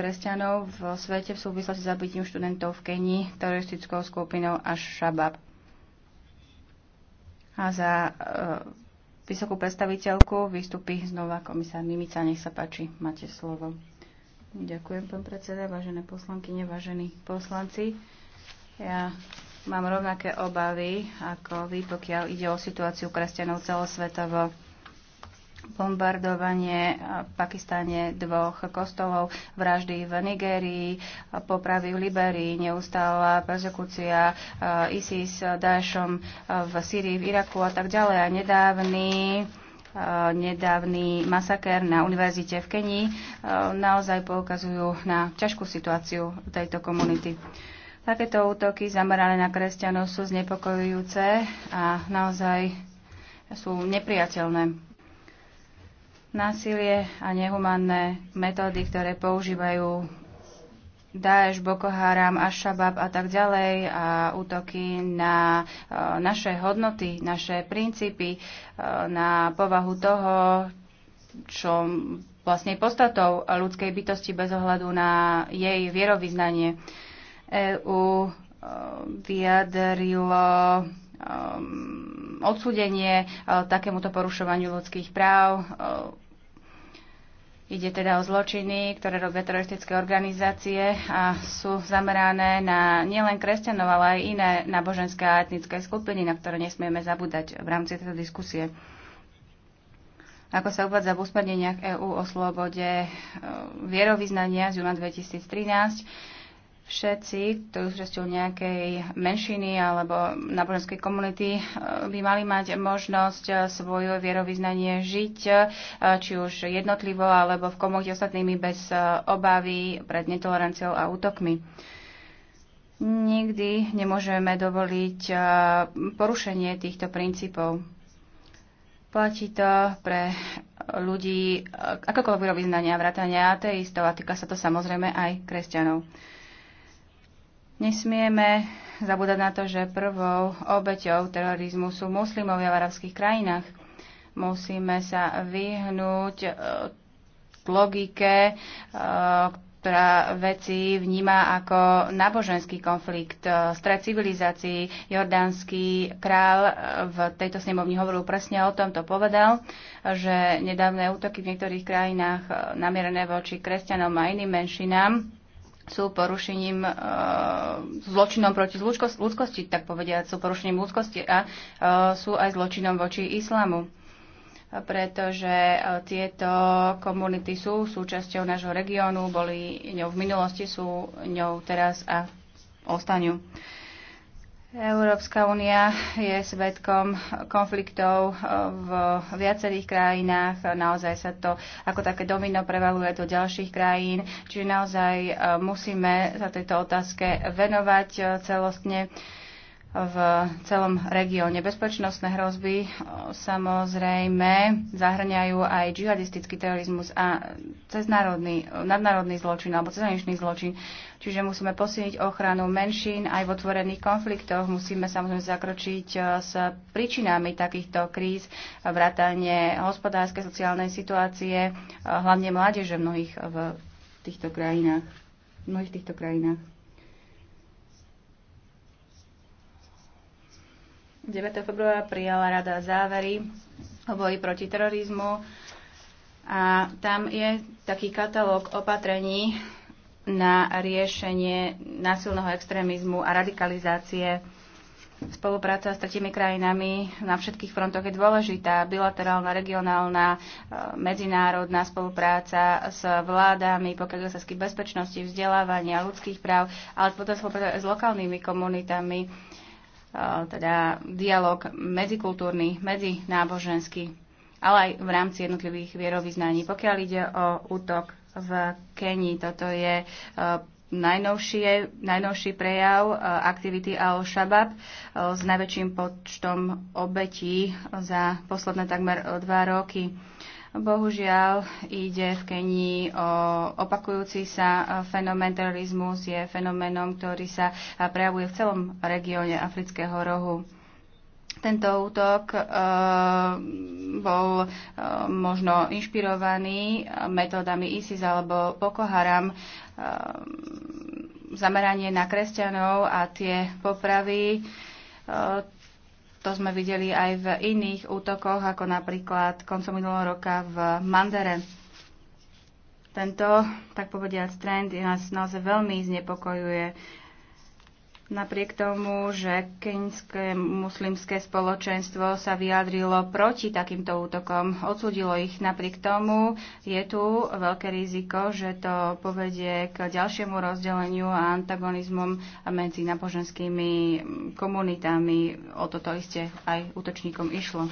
kresťanov v svete v súvislosti s zabitím študentov v Kenii teroristickou skupinou až Shabab. A za e, vysokú predstaviteľku vystupí znova komisár Mimica. Nech sa páči, máte slovo. Ďakujem, pán predseda, vážené poslanky, vážení poslanci. Ja mám rovnaké obavy ako vy, pokiaľ ide o situáciu kresťanov celosvetovo bombardovanie v Pakistane dvoch kostolov, vraždy v Nigérii, popravy v Liberii, neustála persekúcia eh, ISIS, Daešom eh, v Syrii, v Iraku a tak ďalej. A nedávny eh, nedávny masakér na univerzite v Kenii naozaj poukazujú na ťažkú situáciu tejto komunity. Takéto útoky zamerané na kresťanov sú znepokojujúce a naozaj sú nepriateľné. Násilie a nehumanné metódy, ktoré používajú Daesh, Boko Haram, Ashabab a tak ďalej a útoky na e, naše hodnoty, naše princípy, e, na povahu toho, čo vlastne podstatou ľudskej bytosti bez ohľadu na jej vierovýznanie. EU e, vyjadrilo odsúdenie takémuto porušovaniu ľudských práv Ide teda o zločiny, ktoré robia teroristické organizácie a sú zamerané na nielen kresťanov, ale aj iné náboženské a etnické skupiny, na ktoré nesmieme zabúdať v rámci tejto diskusie. Ako sa uvádza v usmerneniach EÚ o slobode e, vierovýznania z júna 2013, všetci, ktorí sú časťou nejakej menšiny alebo náboženskej komunity, eh, by mali mať možnosť eh, svoje vierovýznanie žiť, eh, či už jednotlivo alebo v komunite ostatnými bez obavy pred netoleranciou a útokmi. Nikdy nemôžeme dovoliť porušenie týchto princípov. Platí to pre ľudí akokoľvek vyznania, vrátania ateistov a týka sa to samozrejme aj kresťanov. Nesmieme zabúdať na to, že prvou obeťou terorizmu sú muslimovia v arabských krajinách. Musíme sa vyhnúť k e, logike, e, ktorá veci vníma ako náboženský konflikt, e, stred civilizácií. Jordánsky král v tejto snemovni hovoril presne o tom, to povedal, že nedávne útoky v niektorých krajinách namierené voči kresťanom a iným menšinám sú porušením, e, zločinom proti ľudskosti, tak povediať, sú porušením ľudskosti a e, sú aj zločinom voči islamu e, pretože e, tieto komunity sú súčasťou nášho regiónu, boli ňou v minulosti, sú ňou teraz a ostanú. Európska únia je svetkom konfliktov eh, v viacerých krajinách. Naozaj sa to ako také domino prevaluje do ďalších krajín. Čiže naozaj eh, musíme sa tejto otázke venovať eh, celostne v celom regióne. Bezpečnostné hrozby samozrejme zahrňajú aj džihadistický terorizmus a ceznárodný, nadnárodný zločin alebo cezhraničný zločin. Čiže musíme posilniť ochranu menšín aj v otvorených konfliktoch. Musíme samozrejme zakročiť s príčinami takýchto kríz, vrátanie hospodárskej, sociálnej situácie, hlavne mládeže v mnohých v týchto krajinách. V mnohých týchto krajinách. 9. februára prijala rada závery o boji proti terorizmu a tam je taký katalóg opatrení na riešenie násilného extrémizmu a radikalizácie. Spolupráca s tretimi krajinami na všetkých frontoch je dôležitá. Bilaterálna, regionálna, e, medzinárodná spolupráca s vládami, pokiaľ sa bezpečnosti, vzdelávania, ľudských práv, ale potom spolupráca s lokálnymi komunitami, teda dialog medzikultúrny, medzináboženský, ale aj v rámci jednotlivých vierovýznaní. Pokiaľ ide o útok v Kenii, toto je najnovšie, najnovší prejav aktivity Al-Shabaab s najväčším počtom obetí za posledné takmer dva roky. Bohužiaľ ide v Kenii o opakujúci sa fenomén terorizmus, je fenoménom, ktorý sa prejavuje v celom regióne Afrického rohu. Tento útok e, bol e, možno inšpirovaný metódami ISIS alebo Boko Haram. E, zameranie na kresťanov a tie popravy. E, to sme videli aj v iných útokoch, ako napríklad koncom minulého roka v Mandere. Tento, tak povediať, trend nás naozaj veľmi znepokojuje napriek tomu, že keňské muslimské spoločenstvo sa vyjadrilo proti takýmto útokom, odsudilo ich napriek tomu, je tu veľké riziko, že to povedie k ďalšiemu rozdeleniu a antagonizmom medzi náboženskými komunitami. O toto iste aj útočníkom išlo.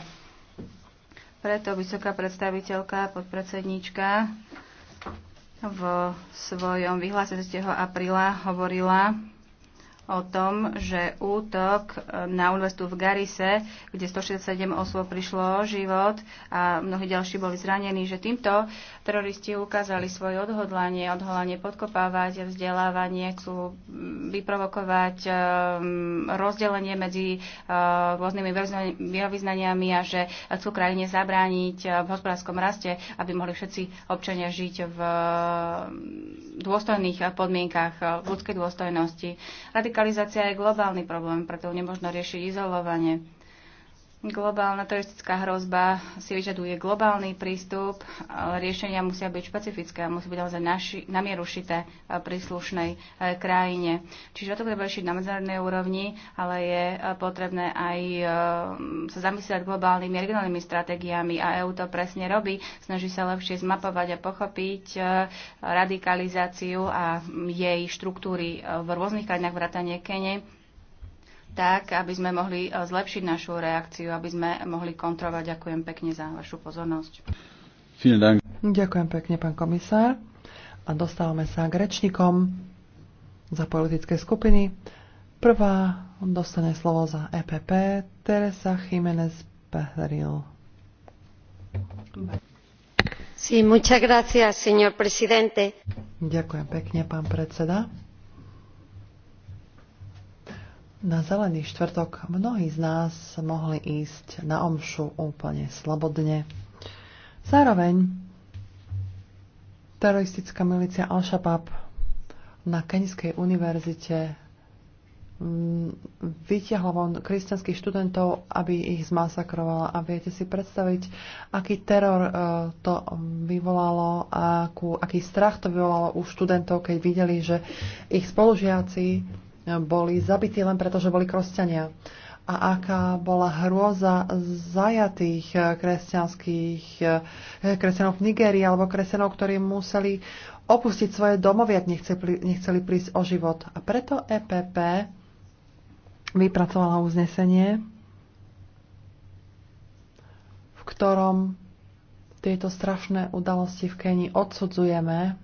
Preto vysoká predstaviteľka, podpredsedníčka v svojom vyhlásení 3. apríla hovorila, o tom, že útok eh, na univerzitu v Garise, kde 167 osôb prišlo život a mnohí ďalší boli zranení, že týmto teroristi ukázali svoje odhodlanie, odhodlanie podkopávať vzdelávanie, chcú mm, vyprovokovať eh, rozdelenie medzi eh, rôznymi vyhovýznaniami a že chcú krajine zabrániť v hospodárskom raste, aby mohli všetci občania žiť v dôstojných podmienkach, v ľudskej dôstojnosti. Radikál Radikalizácia je globálny problém, preto ho nemožno riešiť izolovane. Globálna teroristická hrozba si vyžaduje globálny prístup, ale riešenia musia byť špecifické a musí byť naozaj naši, namierušité príslušnej e, krajine. Čiže to treba riešiť na medzinárodnej úrovni, ale je e, potrebné aj e, sa zamyslieť globálnymi regionálnymi stratégiami a EU to presne robí. Snaží sa lepšie zmapovať a pochopiť radikalizáciu a jej štruktúry v rôznych krajinách vrátane Kene tak, aby sme mohli eh, zlepšiť našu reakciu, aby sme mohli kontrolovať. Ďakujem pekne za vašu pozornosť. Ďakujem pekne, pán komisár. A dostávame sa k rečníkom za politické skupiny. Prvá dostane slovo za EPP Teresa Jiménez Pehril. Sí, muchas gracias, señor presidente. Ďakujem pekne, pán predseda. Na zelený štvrtok mnohí z nás mohli ísť na omšu úplne slobodne. Zároveň teroristická milícia Al-Shabaab na Kenskej univerzite mm, vytiahla von kresťanských študentov, aby ich zmasakrovala. A viete si predstaviť, aký teror e, to vyvolalo a aký strach to vyvolalo u študentov, keď videli, že ich spolužiaci boli zabití len preto, že boli kresťania. A aká bola hrôza zajatých kresťanských eh, kresťanov v Nigerii alebo kresťanov, ktorí museli opustiť svoje domovy, ak nechceli, nechceli prísť o život. A preto EPP vypracovala uznesenie, v ktorom tieto strašné udalosti v Kenii odsudzujeme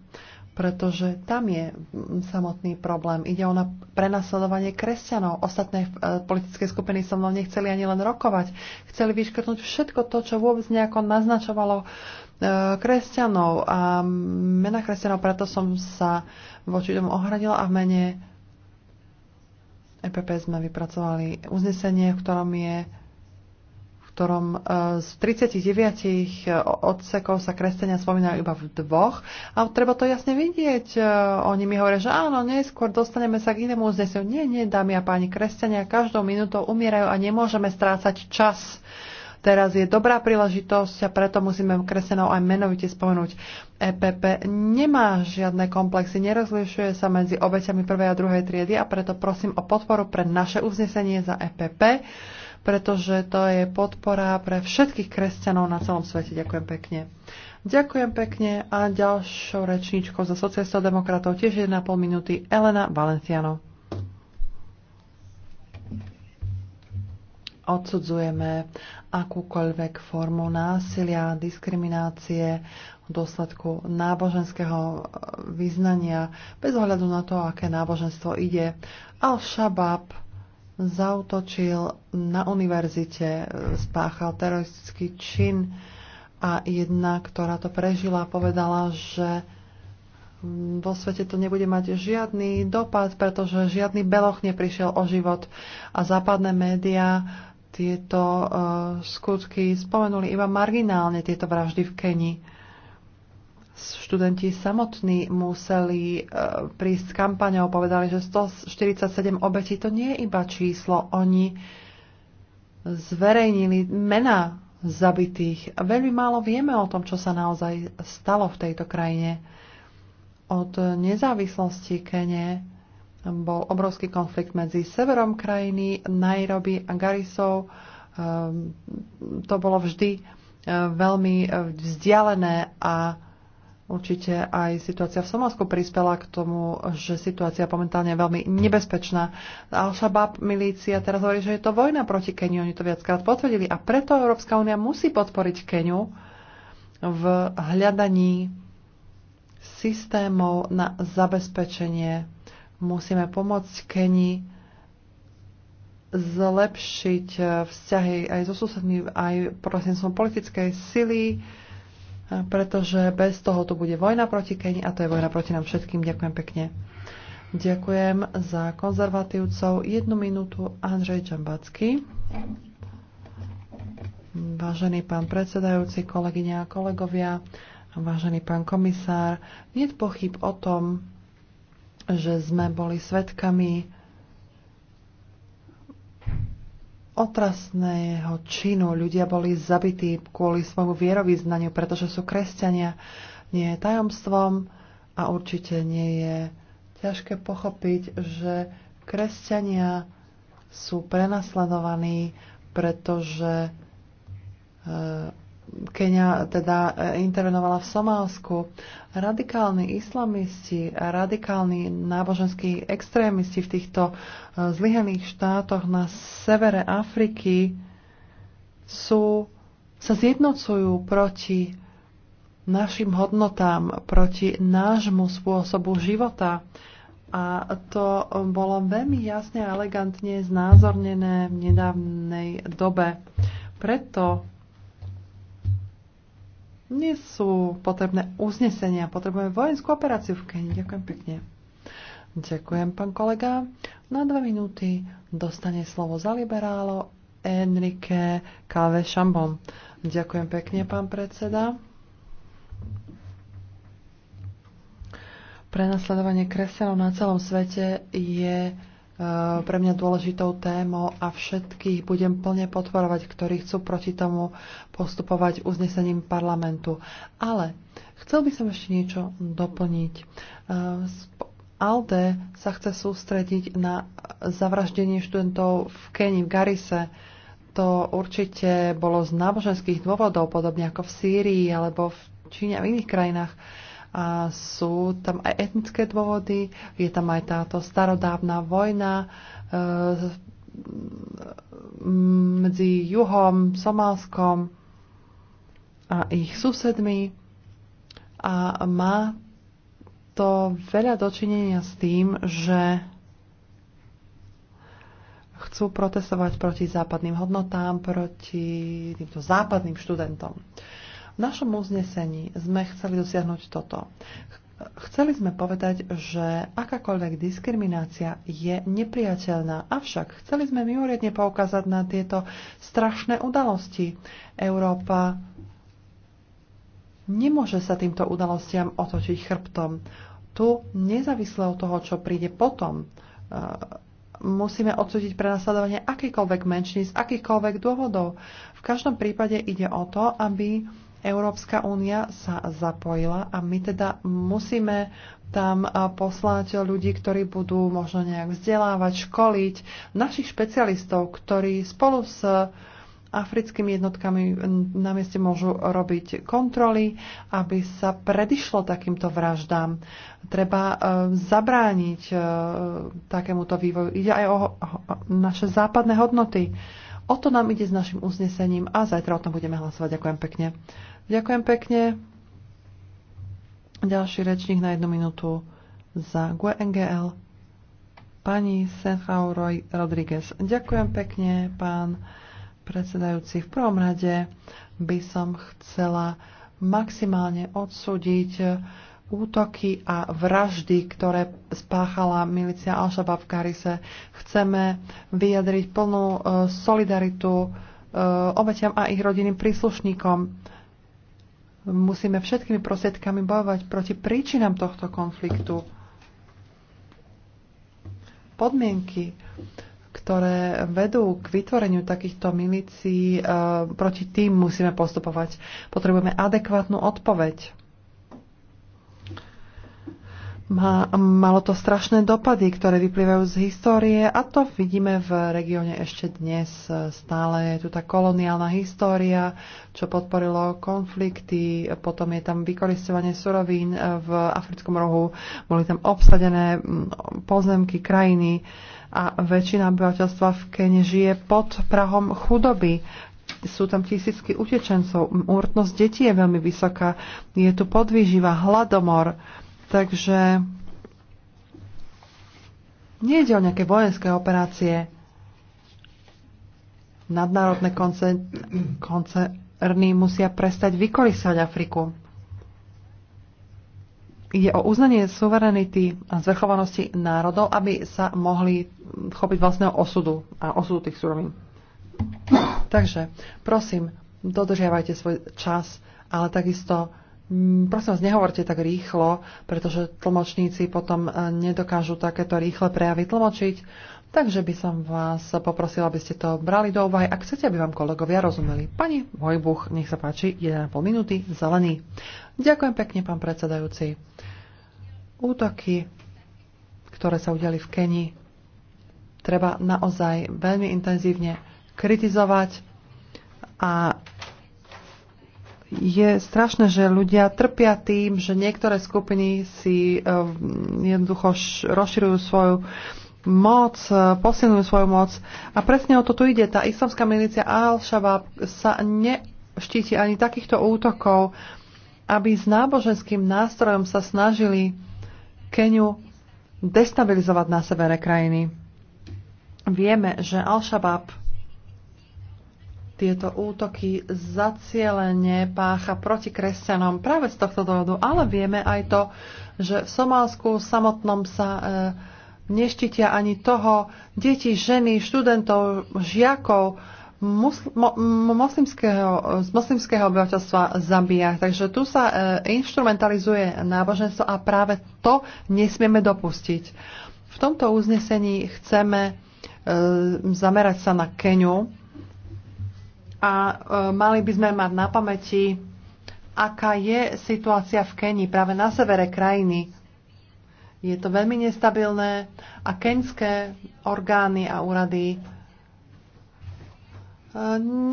pretože tam je mm, samotný problém. Ide o na prenasledovanie kresťanov. Ostatné eh, politické skupiny so mnou nechceli ani len rokovať. Chceli vyškrtnúť všetko to, čo vôbec nejako naznačovalo eh, kresťanov a mena kresťanov, preto som sa voči tomu ohradila a v mene EPP sme vypracovali uznesenie, v ktorom je ktorom e, z 39 e, odsekov sa kresťania spomínajú iba v dvoch. A treba to jasne vidieť. E, oni mi hovoria, že áno, neskôr dostaneme sa k inému uzneseniu. Nie, nie, dámy a páni, kresťania každou minútou umierajú a nemôžeme strácať čas. Teraz je dobrá príležitosť a preto musíme kresenou aj menovite spomenúť. EPP nemá žiadne komplexy, nerozlišuje sa medzi obeťami prvej a druhej triedy a preto prosím o podporu pre naše uznesenie za EPP pretože to je podpora pre všetkých kresťanov na celom svete. Ďakujem pekne. Ďakujem pekne a ďalšou rečníčkou za sociálstvo demokratov tiež 1,5 minúty Elena Valenciano. Odsudzujeme akúkoľvek formu násilia, diskriminácie v dôsledku náboženského vyznania, bez ohľadu na to, aké náboženstvo ide. Al-Shabaab zautočil na univerzite, e, spáchal teroristický čin a jedna, ktorá to prežila, povedala, že vo svete to nebude mať žiadny dopad, pretože žiadny beloch neprišiel o život a západné médiá tieto uh, skutky spomenuli iba marginálne tieto vraždy v Kenii študenti samotní museli e, prísť s kampaňou, povedali, že 147 obetí to nie je iba číslo. Oni zverejnili mena zabitých. Veľmi málo vieme o tom, čo sa naozaj stalo v tejto krajine. Od nezávislosti Kene bol obrovský konflikt medzi severom krajiny, Nairobi a Garisou. E, to bolo vždy e, veľmi vzdialené a Určite aj situácia v Somálsku prispela k tomu, že situácia momentálne je veľmi nebezpečná. Al-Shabaab milícia teraz hovorí, že je to vojna proti Keniu, oni to viackrát potvrdili a preto Európska únia musí podporiť Keniu v hľadaní systémov na zabezpečenie. Musíme pomôcť Keni zlepšiť eh, vzťahy aj so susedmi, aj som politickej sily, pretože bez toho tu bude vojna proti Keni a to je vojna proti nám všetkým. Ďakujem pekne. Ďakujem za konzervatívcov. Jednu minútu Andrej Čambacký. Vážený pán predsedajúci, kolegyňa a kolegovia, vážený pán komisár, nie pochyb o tom, že sme boli svetkami otrasného činu. Ľudia boli zabití kvôli svojmu vierovýznaniu, pretože sú kresťania. Nie je tajomstvom a určite nie je ťažké pochopiť, že kresťania sú prenasledovaní, pretože e, Kenia teda e, intervenovala v Somálsku. Radikálni islamisti, radikálni náboženskí extrémisti v týchto e, zlyhených štátoch na severe Afriky sú, sa zjednocujú proti našim hodnotám, proti nášmu spôsobu života. A to bolo veľmi jasne a elegantne znázornené v nedávnej dobe. Preto nie sú potrebné uznesenia, potrebujeme vojenskú operáciu v Keni. Ďakujem pekne. Ďakujem, pán kolega. Na dve minúty dostane slovo za liberálo Enrique Kave Šambon. Ďakujem pekne, pán predseda. Prenasledovanie kresťanov na celom svete je Eh, pre mňa dôležitou témou a všetkých budem plne podporovať, ktorí chcú proti tomu postupovať uznesením parlamentu. Ale chcel by som ešte niečo doplniť. Eh, ALDE sa chce sústrediť na zavraždenie študentov v Keni, v Garise. To určite bolo z náboženských dôvodov, podobne ako v Sýrii alebo v Číne a v iných krajinách a sú tam aj etnické dôvody, je tam aj táto starodávna vojna e, medzi juhom, Somálskom a ich susedmi a má to veľa dočinenia s tým, že chcú protestovať proti západným hodnotám, proti týmto západným študentom. Uh, v našom uznesení sme chceli dosiahnuť toto. Chceli sme povedať, že akákoľvek diskriminácia je nepriateľná, avšak chceli sme mimoriadne poukázať na tieto strašné udalosti. Európa nemôže sa týmto udalostiam otočiť chrbtom. Tu, nezávisle od toho, čo príde potom, eh, musíme odsúdiť prenasledovanie akýkoľvek menšiny z akýchkoľvek dôvodov. V každom prípade ide o to, aby Európska únia sa zapojila a my teda musíme tam poslať ľudí, ktorí budú možno nejak vzdelávať, školiť našich špecialistov, ktorí spolu s africkými jednotkami na mieste môžu robiť kontroly, aby sa predišlo takýmto vraždám. Treba e, zabrániť e, takémuto vývoju. Ide aj o naše západné hodnoty. O to nám ide s našim uznesením a zajtra o tom budeme hlasovať. Ďakujem pekne. Ďakujem pekne. Ďalší rečník na jednu minútu za GUNGL. E Pani Senchau Rodriguez. Ďakujem pekne, pán predsedajúci. V prvom rade by som chcela maximálne odsúdiť útoky a vraždy, ktoré spáchala milícia Al-Shabaab v Karise. Chceme vyjadriť plnú e, solidaritu e, obetiam a ich rodinným príslušníkom Musíme všetkými prostriedkami bojovať proti príčinám tohto konfliktu. Podmienky, ktoré vedú k vytvoreniu takýchto milícií, eh, proti tým musíme postupovať. Potrebujeme adekvátnu odpoveď má, malo to strašné dopady, ktoré vyplývajú z histórie a to vidíme v regióne ešte dnes. Stále je tu tá koloniálna história, čo podporilo konflikty, potom je tam vykoristovanie surovín v africkom rohu, boli tam obsadené pozemky, krajiny a väčšina obyvateľstva v Kene žije pod prahom chudoby sú tam tisícky utečencov, úrtnosť detí je veľmi vysoká, je tu podvýživa, hladomor Takže nie ide o nejaké vojenské operácie. Nadnárodné koncerny musia prestať vykolisať Afriku. Ide o uznanie suverenity a zvrchovanosti národov, aby sa mohli chopiť vlastného osudu a osudu tých surovín. Takže, prosím, dodržiavajte svoj čas, ale takisto Mm, prosím vás, nehovorte tak rýchlo, pretože tlmočníci potom e, nedokážu takéto rýchle prejavy tlmočiť. Takže by som vás poprosila, aby ste to brali do úvahy. Ak chcete, aby vám kolegovia rozumeli. Pani vojbuch, nech sa páči, 1,5 minúty, zelený. Ďakujem pekne, pán predsedajúci. Útoky, ktoré sa udiali v Keni, treba naozaj veľmi intenzívne kritizovať a je strašné, že ľudia trpia tým, že niektoré skupiny si ehm, jednoducho rozširujú svoju moc, e, posilňujú svoju moc. A presne o to tu ide. Tá islamská milícia Al-Shabaab sa neštíti ani takýchto útokov, aby s náboženským nástrojom sa snažili Keniu destabilizovať na severe krajiny. Vieme, že Al-Shabaab tieto útoky zacielene pácha proti kresťanom práve z tohto dôvodu. Ale vieme aj to, že v Somálsku samotnom sa e, neštitia ani toho deti, ženy, študentov, žiakov moslimského, z moslimského obyvateľstva zabíja. Takže tu sa e, instrumentalizuje náboženstvo a práve to nesmieme dopustiť. V tomto uznesení chceme e, zamerať sa na Keniu, a e, mali by sme mať na pamäti, aká je situácia v Kenii, práve na severe krajiny. Je to veľmi nestabilné a keňské orgány a úrady e,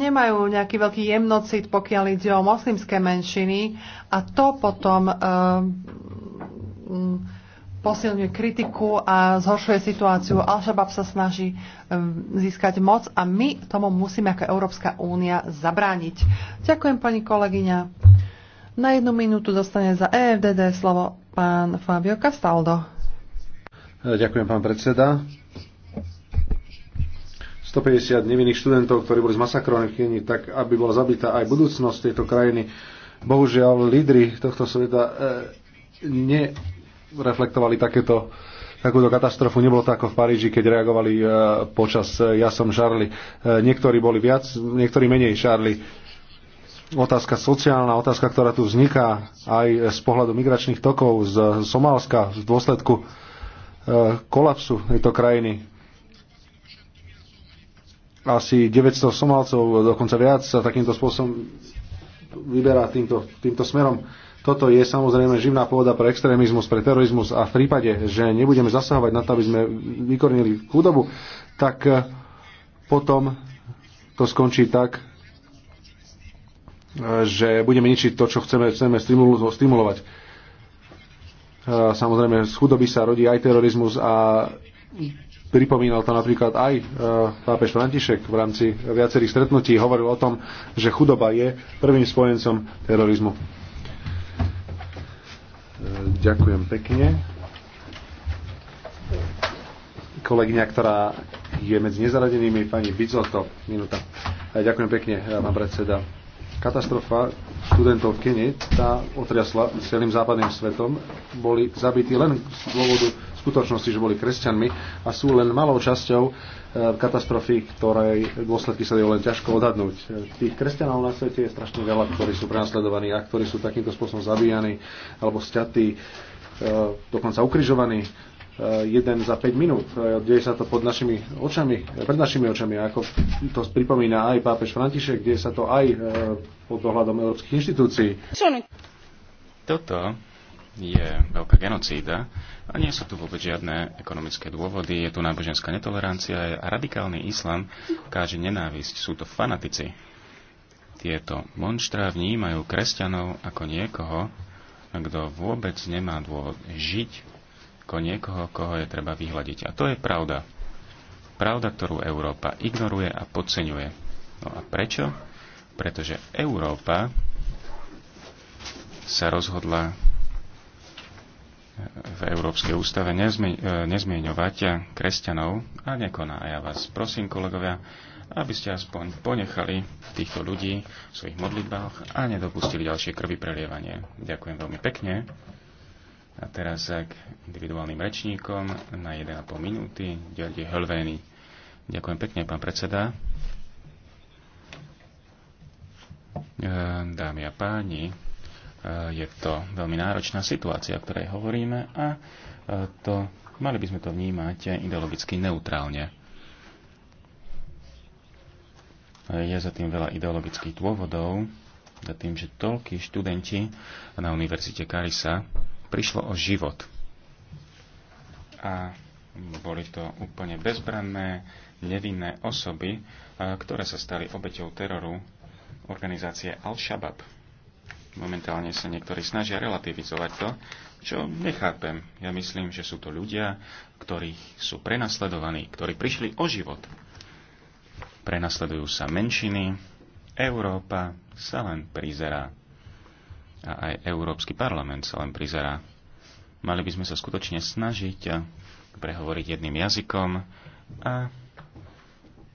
nemajú nejaký veľký jemnocit, pokiaľ ide o moslimské menšiny a to potom e, posilňuje kritiku a zhoršuje situáciu. Al-Shabaab sa snaží um, získať moc a my tomu musíme ako Európska únia zabrániť. Ďakujem pani kolegyňa. Na jednu minútu dostane za EFDD slovo pán Fabio Castaldo. Ďakujem, pán predseda. 150 nevinných študentov, ktorí boli zmasakrovaní v Kenii, tak aby bola zabitá aj budúcnosť tejto krajiny. Bohužiaľ, lídry tohto sveta e, ne reflektovali takéto takúto katastrofu. Nebolo to ako v Paríži, keď reagovali e, počas e, Ja som Charlie. E, niektorí boli viac, niektorí menej Charlie. Otázka sociálna, otázka, ktorá tu vzniká aj z pohľadu migračných tokov z Somálska v dôsledku kolapsu tejto krajiny. Asi 900 Somálcov, dokonca viac, sa takýmto spôsobom vyberá týmto, týmto smerom toto je samozrejme živná pôda pre extrémizmus, pre terorizmus a v prípade, že nebudeme zasahovať na to, aby sme vykornili chudobu, tak e, potom to skončí tak, e, že budeme ničiť to, čo chceme, chceme stimulovať. E, samozrejme, z chudoby sa rodí aj terorizmus a pripomínal to napríklad aj pápež František v rámci viacerých stretnutí. Hovoril o tom, že chudoba je prvým spojencom terorizmu. Ďakujem pekne. Kolegyňa, ktorá je medzi nezaradenými, pani Bizoto, minúta. Ďakujem pekne, pán predseda. Katastrofa študentov v Keni, tá otriasla celým západným svetom. Boli zabití len z dôvodu skutočnosti, že boli kresťanmi a sú len malou časťou Eh, katastrofy, ktoré dôsledky sa dajú len ťažko odhadnúť. Tých kresťanov na svete je strašne veľa, ktorí sú prenasledovaní a ktorí sú takýmto spôsobom zabíjani alebo sťatí, eh, dokonca ukrižovaní eh, jeden za 5 minút. Deje sa to pod našimi očami, pred našimi očami, ako to pripomína aj pápež František, kde sa to aj pod dohľadom európskych inštitúcií. Toto je veľká genocída a nie sú tu vôbec žiadne ekonomické dôvody, je tu náboženská netolerancia a radikálny islám káže nenávisť. Sú to fanatici. Tieto monštra vnímajú kresťanov ako niekoho, kto vôbec nemá dôvod žiť, ako niekoho, koho je treba vyhľadiť. A to je pravda. Pravda, ktorú Európa ignoruje a podceňuje. No a prečo? Pretože Európa sa rozhodla v Európskej ústave nezmi, e, nezmieňovať kresťanov a nekoná. A ja vás prosím, kolegovia, aby ste aspoň ponechali týchto ľudí v svojich modlitbách a nedopustili ďalšie krvi prelievanie. Ďakujem veľmi pekne. A teraz k individuálnym rečníkom na 1,5 minúty. Ďalej Helvény. Ďakujem pekne, pán predseda. E, dámy a páni, Eh, je to veľmi náročná situácia, o ktorej hovoríme a eh, to, mali by sme to vnímať ideologicky neutrálne. Eh, je za tým veľa ideologických dôvodov, za tým, že toľkí študenti na Univerzite Karisa prišlo o život. A boli to úplne bezbranné, nevinné osoby, ktoré sa stali obeťou teroru organizácie Al-Shabaab Momentálne sa niektorí snažia relativizovať to, čo nechápem. Ja myslím, že sú to ľudia, ktorí sú prenasledovaní, ktorí prišli o život. Prenasledujú sa menšiny, Európa sa len prizerá. A aj Európsky parlament sa len prizerá. Mali by sme sa skutočne snažiť prehovoriť jedným jazykom a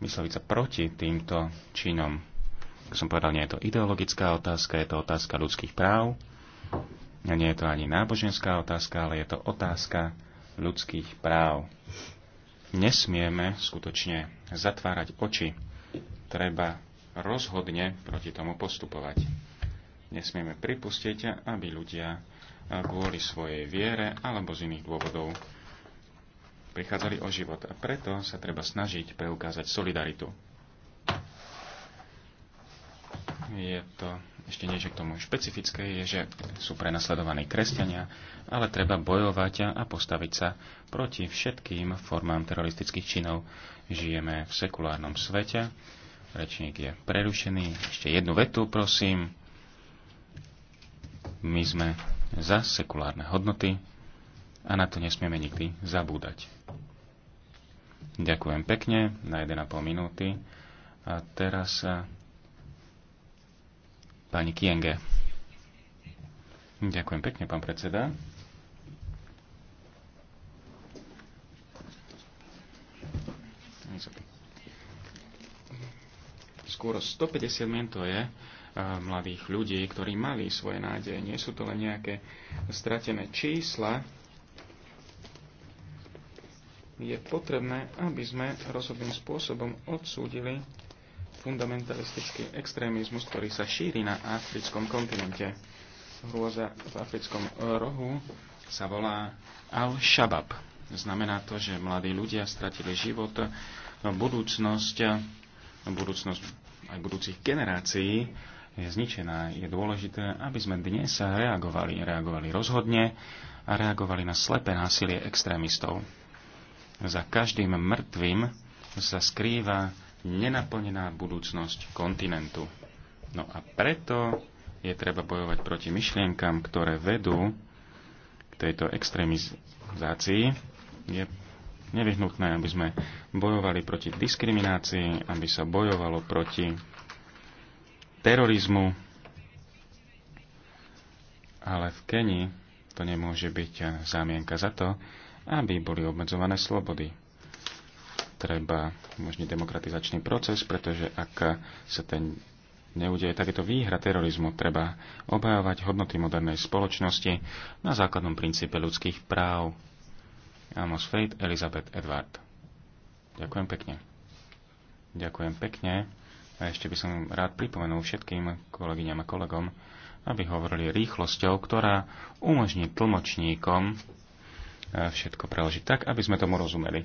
mysleviť sa proti týmto činom ako som povedal, nie je to ideologická otázka, je to otázka ľudských práv. A nie je to ani náboženská otázka, ale je to otázka ľudských práv. Nesmieme skutočne zatvárať oči. Treba rozhodne proti tomu postupovať. Nesmieme pripustiť, aby ľudia kvôli svojej viere alebo z iných dôvodov prichádzali o život. A preto sa treba snažiť preukázať solidaritu je to ešte niečo k tomu špecifické, je, že sú prenasledovaní kresťania, ale treba bojovať a postaviť sa proti všetkým formám teroristických činov. Žijeme v sekulárnom svete. Rečník je prerušený. Ešte jednu vetu, prosím. My sme za sekulárne hodnoty a na to nesmieme nikdy zabúdať. Ďakujem pekne na 1,5 minúty. A teraz pani Kienge. Ďakujem pekne, pán predseda. Skôr 150 mien to je eh, mladých ľudí, ktorí mali svoje nádeje. Nie sú to len nejaké stratené čísla. Je potrebné, aby sme rozhodným spôsobom odsúdili fundamentalistický extrémizmus, ktorý sa šíri na africkom kontinente. Hrôza v africkom rohu sa volá al shabab Znamená to, že mladí ľudia stratili život, budúcnosť, budúcnosť aj budúcich generácií je zničená. Je dôležité, aby sme dnes reagovali. Reagovali rozhodne a reagovali na slepé násilie extrémistov. Za každým mŕtvým sa skrýva nenaplnená budúcnosť kontinentu. No a preto je treba bojovať proti myšlienkam, ktoré vedú k tejto extrémizácii. Je nevyhnutné, aby sme bojovali proti diskriminácii, aby sa bojovalo proti terorizmu, ale v Kenii to nemôže byť zámienka za to, aby boli obmedzované slobody treba umožniť demokratizačný proces, pretože ak sa ten neudeje, tak je to výhra terorizmu. Treba obhajovať hodnoty modernej spoločnosti na základnom princípe ľudských práv. Amos Fate, Elizabeth Edward. Ďakujem pekne. Ďakujem pekne. A ešte by som rád pripomenul všetkým kolegyňam a kolegom, aby hovorili rýchlosťou, ktorá umožní tlmočníkom eh, všetko preložiť tak, aby sme tomu rozumeli.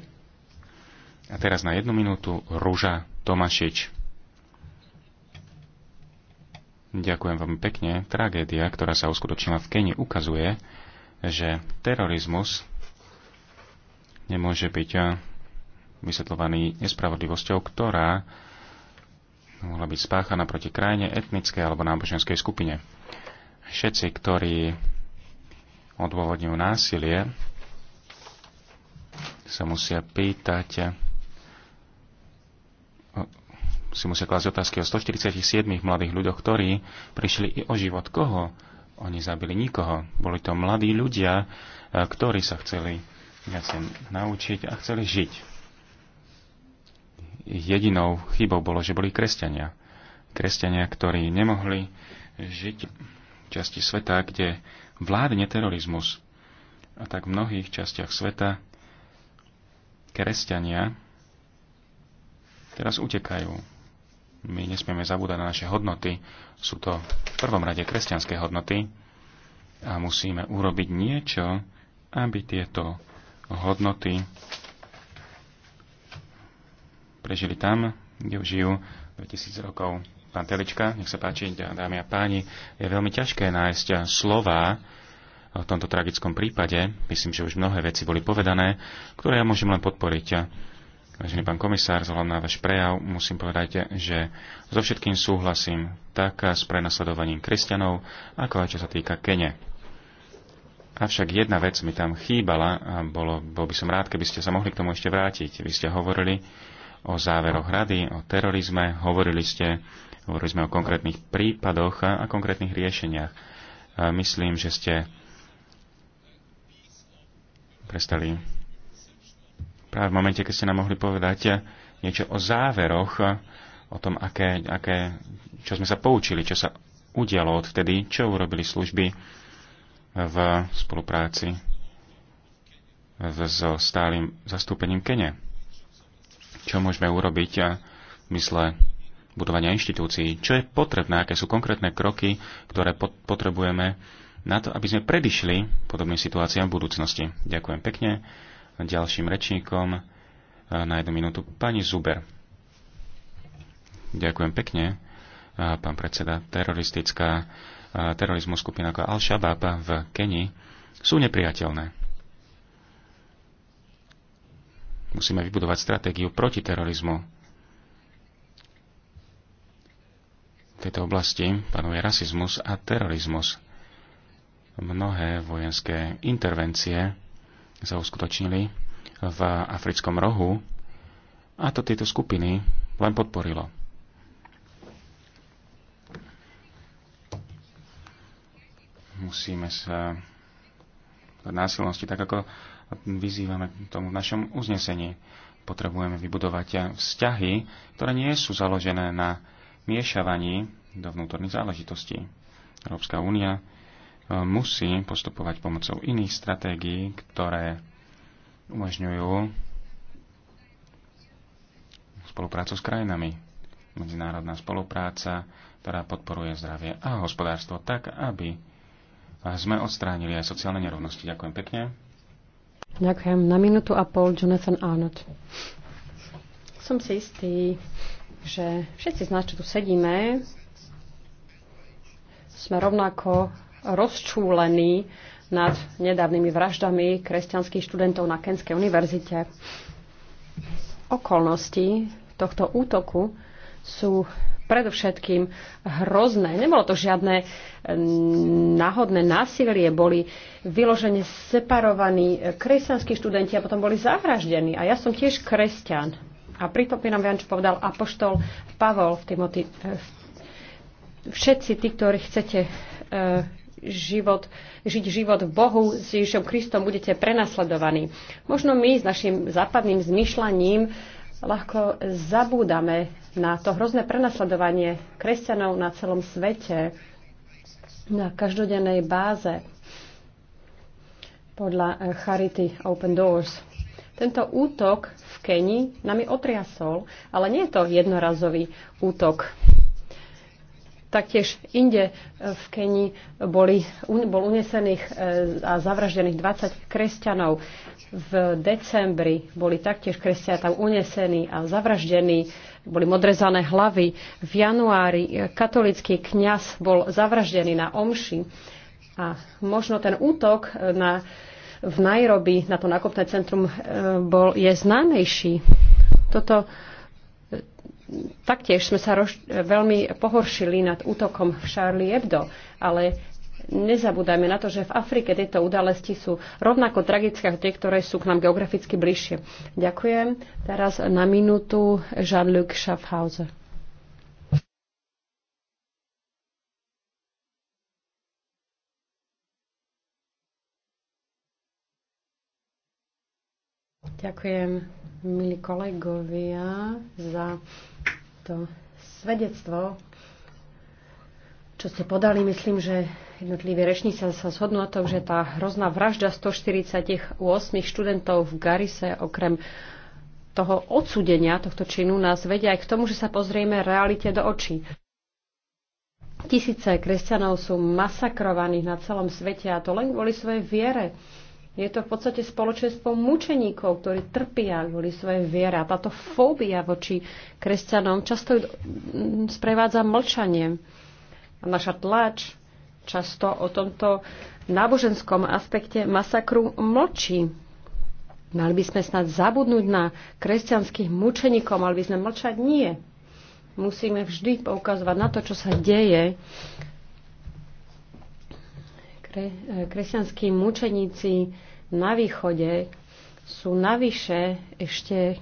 A teraz na jednu minútu Rúža Tomašič. Ďakujem veľmi pekne. Tragédia, ktorá sa uskutočnila v Keni, ukazuje, že terorizmus nemôže byť eh, vysvetľovaný nespravodlivosťou, ktorá mohla byť spáchaná proti krajine, etnickej alebo náboženskej skupine. Všetci, ktorí odôvodňujú násilie, sa musia pýtať, eh, si musia klásť otázky o 147 mladých ľuďoch, ktorí prišli i o život. Koho? Oni zabili nikoho. Boli to mladí ľudia, e, ktorí sa chceli viacej naučiť a chceli žiť. Jedinou chybou bolo, že boli kresťania. Kresťania, ktorí nemohli žiť v časti sveta, kde vládne terorizmus. A tak v mnohých častiach sveta kresťania teraz utekajú my nesmieme zabúdať na naše hodnoty. Sú to v prvom rade kresťanské hodnoty a musíme urobiť niečo, aby tieto hodnoty prežili tam, kde už žijú 2000 rokov. Pán Telička, nech sa páči, dámy a páni, je veľmi ťažké nájsť slova v tomto tragickom prípade. Myslím, že už mnohé veci boli povedané, ktoré ja môžem len podporiť. Vážený pán komisár, zvolám na váš prejav musím povedať, že so všetkým súhlasím, tak s prenasledovaním kresťanov, ako aj čo sa týka Kene. Avšak jedna vec mi tam chýbala a bolo, bol by som rád, keby ste sa mohli k tomu ešte vrátiť. Vy ste hovorili o záveroch rady, o terorizme, hovorili ste, hovorili sme o konkrétnych prípadoch a, a konkrétnych riešeniach. A myslím, že ste prestali práve v momente, keď ste nám mohli povedať eh, niečo o záveroch, eh, o tom, aké, aké, čo sme sa poučili, čo sa udialo odvtedy, čo urobili služby v spolupráci eh, so stálym zastúpením Kene. Čo môžeme urobiť v mysle budovania inštitúcií? Čo je potrebné? Aké sú konkrétne kroky, ktoré potrebujeme na to, aby sme predišli podobným situáciám v budúcnosti? Ďakujem pekne ďalším rečníkom e, na jednu minútu pani Zuber. Ďakujem pekne, e, pán predseda. Teroristická e, terorizmus skupina ako Al-Shabaab v Kenii sú nepriateľné. Musíme vybudovať stratégiu proti terorizmu. V tejto oblasti panuje rasizmus a terorizmus. Mnohé vojenské intervencie sa uskutočnili v africkom rohu a to tieto skupiny len podporilo. Musíme sa násilnosti, tak ako vyzývame tomu v našom uznesení. Potrebujeme vybudovať vzťahy, ktoré nie sú založené na miešavaní do vnútorných záležitostí. Európska únia E, musí postupovať pomocou iných stratégií, ktoré umožňujú spoluprácu s krajinami. Medzinárodná spolupráca, ktorá podporuje zdravie a hospodárstvo tak, aby sme odstránili aj sociálne nerovnosti. Ďakujem pekne. Ďakujem. Na minútu a pol Jonathan Arnott. Som si istý, že všetci z nás, čo tu sedíme, sme rovnako rozčúlený nad nedávnymi vraždami kresťanských študentov na Kenskej univerzite. Okolnosti tohto útoku sú predovšetkým hrozné. Nebolo to žiadne eh, náhodné násilie, boli vyložene separovaní kresťanskí študenti a potom boli zahraždení. A ja som tiež kresťan. A pritom by nám povedal apoštol Pavol v Timoti, eh, všetci tí, ktorí chcete eh, život, žiť život v Bohu s Ježišom Kristom, budete prenasledovaní. Možno my s našim západným zmyšľaním ľahko zabúdame na to hrozné prenasledovanie kresťanov na celom svete na každodennej báze podľa eh, Charity Open Doors. Tento útok v Keni nami otriasol, ale nie je to jednorazový útok. Taktiež inde e, v Kenii boli, bol unesených e, a zavraždených 20 kresťanov. V decembri boli taktiež kresťania tam unesení a zavraždení, boli modrezané hlavy. V januári e, katolický kňaz bol zavraždený na Omši a možno ten útok na, v Nairobi na to nákupné centrum bol, je známejší. Toto taktiež sme sa roš- veľmi pohoršili nad útokom v Charlie Hebdo, ale nezabúdajme na to, že v Afrike tieto udalosti sú rovnako tragické ako tie, ktoré sú k nám geograficky bližšie. Ďakujem. Teraz na minútu Jean-Luc Schaffhauser. Ďakujem, milí kolegovia, za to svedectvo, čo ste podali, myslím, že jednotlivý rečníci sa shodnú na tom, že tá hrozná vražda 148 študentov v Garise, okrem toho odsudenia tohto činu, nás vedia aj k tomu, že sa pozrieme realite do očí. Tisíce kresťanov sú masakrovaných na celom svete a to len kvôli svojej viere. Je to v podstate spoločenstvo mučeníkov, ktorí trpia kvôli svojej viere. A táto fóbia voči kresťanom často sprevádza mlčanie. A naša tlač často o tomto náboženskom aspekte masakru mlčí. Mali by sme snad zabudnúť na kresťanských mučeníkov, mali by sme mlčať? Nie. Musíme vždy poukazovať na to, čo sa deje kre, eh, kresťanskí mučeníci na východe sú navyše ešte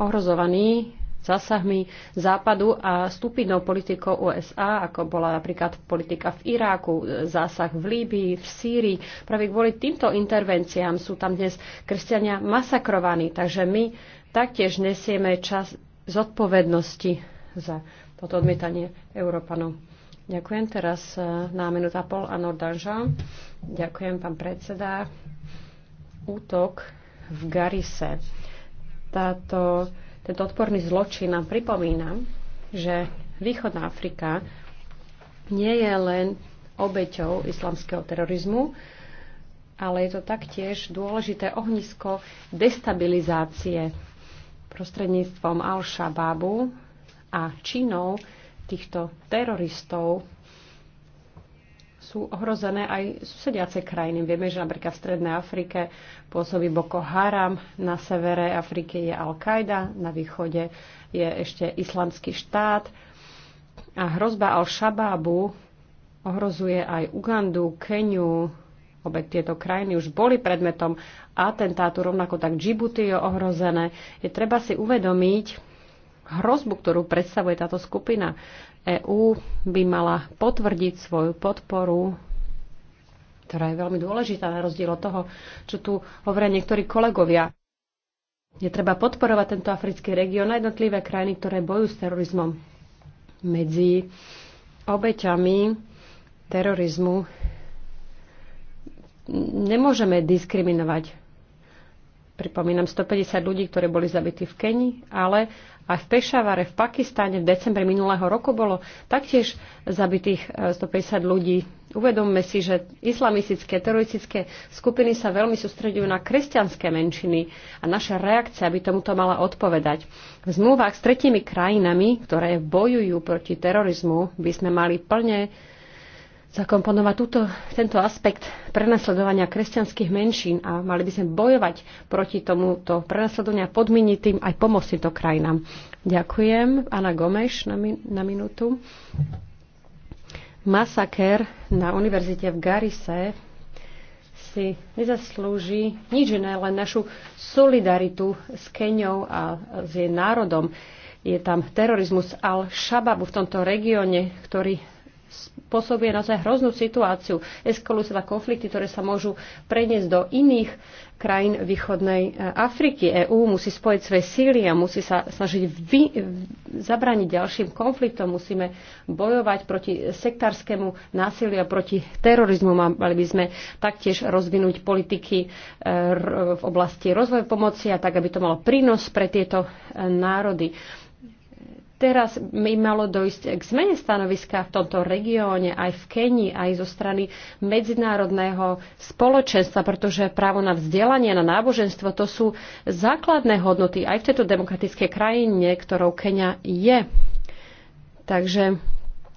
ohrozovaní zásahmi západu a stupidnou politikou USA, ako bola napríklad politika v Iráku, zásah v Líbii, v Sýrii. Práve kvôli týmto intervenciám sú tam dnes kresťania masakrovaní, takže my taktiež nesieme čas zodpovednosti za toto odmietanie Európanov. Ďakujem teraz e, na minúta pol a Nordanža. Ďakujem, pán predseda. Útok v Garise. Táto, tento odporný zločin nám pripomína, že Východná Afrika nie je len obeťou islamského terorizmu, ale je to taktiež dôležité ohnisko destabilizácie prostredníctvom al shabaabu a činou, týchto teroristov sú ohrozené aj susediace krajiny. Vieme, že napríklad v Strednej Afrike pôsobí Boko Haram, na severe Afriky je Al-Qaida, na východe je ešte islamský štát a hrozba Al-Shabaabu ohrozuje aj Ugandu, Keniu, obe tieto krajiny už boli predmetom atentátu, rovnako tak Djibouti je ohrozené. Je treba si uvedomiť, hrozbu, ktorú predstavuje táto skupina. EÚ by mala potvrdiť svoju podporu ktorá je veľmi dôležitá na rozdiel od toho, čo tu hovoria niektorí kolegovia. Je treba podporovať tento africký región a jednotlivé krajiny, ktoré bojujú s terorizmom. Medzi obeťami terorizmu nemôžeme diskriminovať pripomínam, 150 ľudí, ktorí boli zabití v Keni, ale aj v Pešavare, v Pakistáne v decembri minulého roku bolo taktiež zabitých 150 e, ľudí. Uvedomme si, že islamistické, teroristické skupiny sa veľmi sústredujú na kresťanské menšiny a naša reakcia by tomuto mala odpovedať. V zmluvách s tretimi krajinami, ktoré bojujú proti terorizmu, by sme mali plne zakomponovať túto, tento aspekt prenasledovania kresťanských menšín a mali by sme bojovať proti tomuto prenasledovania podminiť aj pomôcť týmto krajinám. Ďakujem. Anna Gomeš na, min- na minútu. Masaker na univerzite v Garise si nezaslúži nič iné, len našu solidaritu s Keňou a s jej národom. Je tam terorizmus Al-Shababu v tomto regióne, ktorý spôsobuje naozaj hroznú situáciu. Eskalujú sa konflikty, ktoré sa môžu preniesť do iných krajín východnej e, Afriky. EÚ musí spojiť svoje síly a musí sa snažiť vy, zabrániť ďalším konfliktom. Musíme bojovať proti sektárskému násiliu a proti terorizmu. Mali by sme taktiež rozvinúť politiky e, v oblasti rozvoja pomoci a tak, aby to malo prínos pre tieto e, národy Teraz by malo dojsť k zmene stanoviska v tomto regióne, aj v Kenii, aj zo strany medzinárodného spoločenstva, pretože právo na vzdelanie, na náboženstvo, to sú základné hodnoty aj v tejto demokratickej krajine, ktorou Kenia je. Takže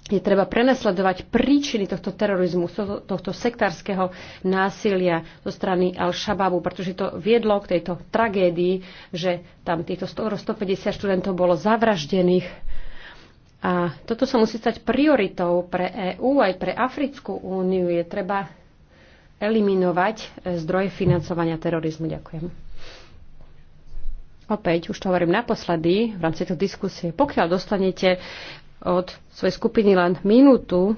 je treba prenasledovať príčiny tohto terorizmu, tohto sektárskeho násilia zo strany Al-Shababu, pretože to viedlo k tejto tragédii, že tam týchto 150 študentov bolo zavraždených. A toto sa musí stať prioritou pre EÚ aj pre Africkú úniu. Je treba eliminovať e, zdroje financovania terorizmu. Ďakujem. Opäť, už to hovorím naposledy v rámci tejto diskusie. Pokiaľ dostanete od svojej skupiny len minútu,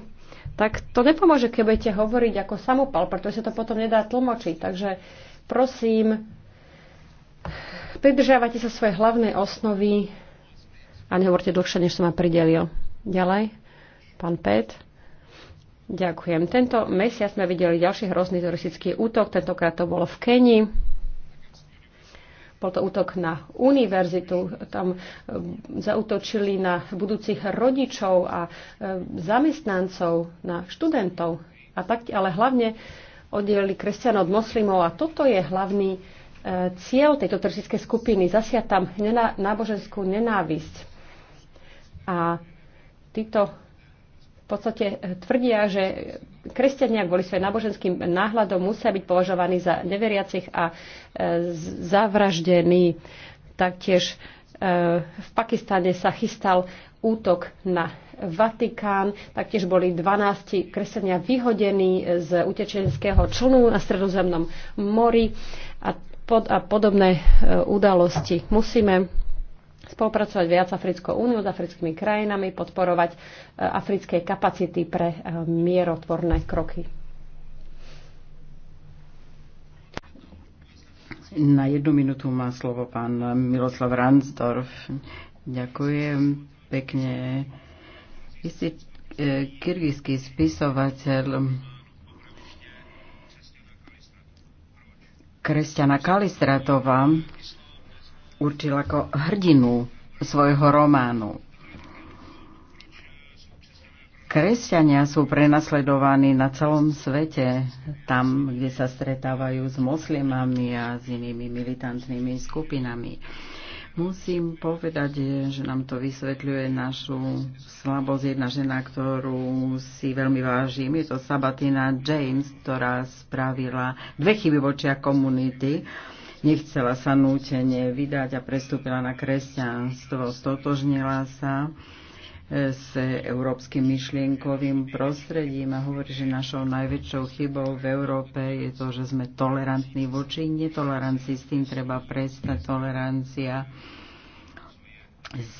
tak to nepomôže, keď budete hovoriť ako samopal, pretože sa to potom nedá tlmočiť. Takže prosím, pridržiavajte sa svoje hlavnej osnovy a nehovorte dlhšie, než som ma pridelil. Ďalej, pán Pet. Ďakujem. Tento mesiac sme videli ďalší hrozný teroristický útok, tentokrát to bolo v Kenii bol to útok na univerzitu, tam e, zautočili na budúcich rodičov a e, zamestnancov, na študentov. A tak, ale hlavne oddelili kresťanov od moslimov a toto je hlavný e, cieľ tejto teroristickej skupiny. Zasiať tam nená, náboženskú nenávisť. A títo v podstate tvrdia, že kresťania kvôli svojim náboženským náhľadom musia byť považovaní za neveriacich a e, zavraždení. Taktiež e, v Pakistane sa chystal útok na Vatikán. Taktiež boli 12 kresťania vyhodení e, z utečenského člnu na stredozemnom mori a, pod, a podobné udalosti. Musíme spolupracovať viac s Africkou úniou, s africkými krajinami, podporovať e, africké kapacity pre e, mierotvorné kroky. Na jednu minútu má slovo pán Miroslav Ransdorf. Ďakujem pekne. Vy ste e, kyrgyzský spisovateľ kresťana Kalistratova, určil ako hrdinu svojho románu. Kresťania sú prenasledovaní na celom svete, tam, kde sa stretávajú s moslimami a s inými militantnými skupinami. Musím povedať, že nám to vysvetľuje našu slabosť. Jedna žena, ktorú si veľmi vážim, je to Sabatina James, ktorá spravila dve chyby vočia komunity nechcela sa nútenie vydať a prestúpila na kresťanstvo. Stotožnila sa e, s európskym myšlienkovým prostredím a hovorí, že našou najväčšou chybou v Európe je to, že sme tolerantní voči netolerancii. S tým treba prestať. Tolerancia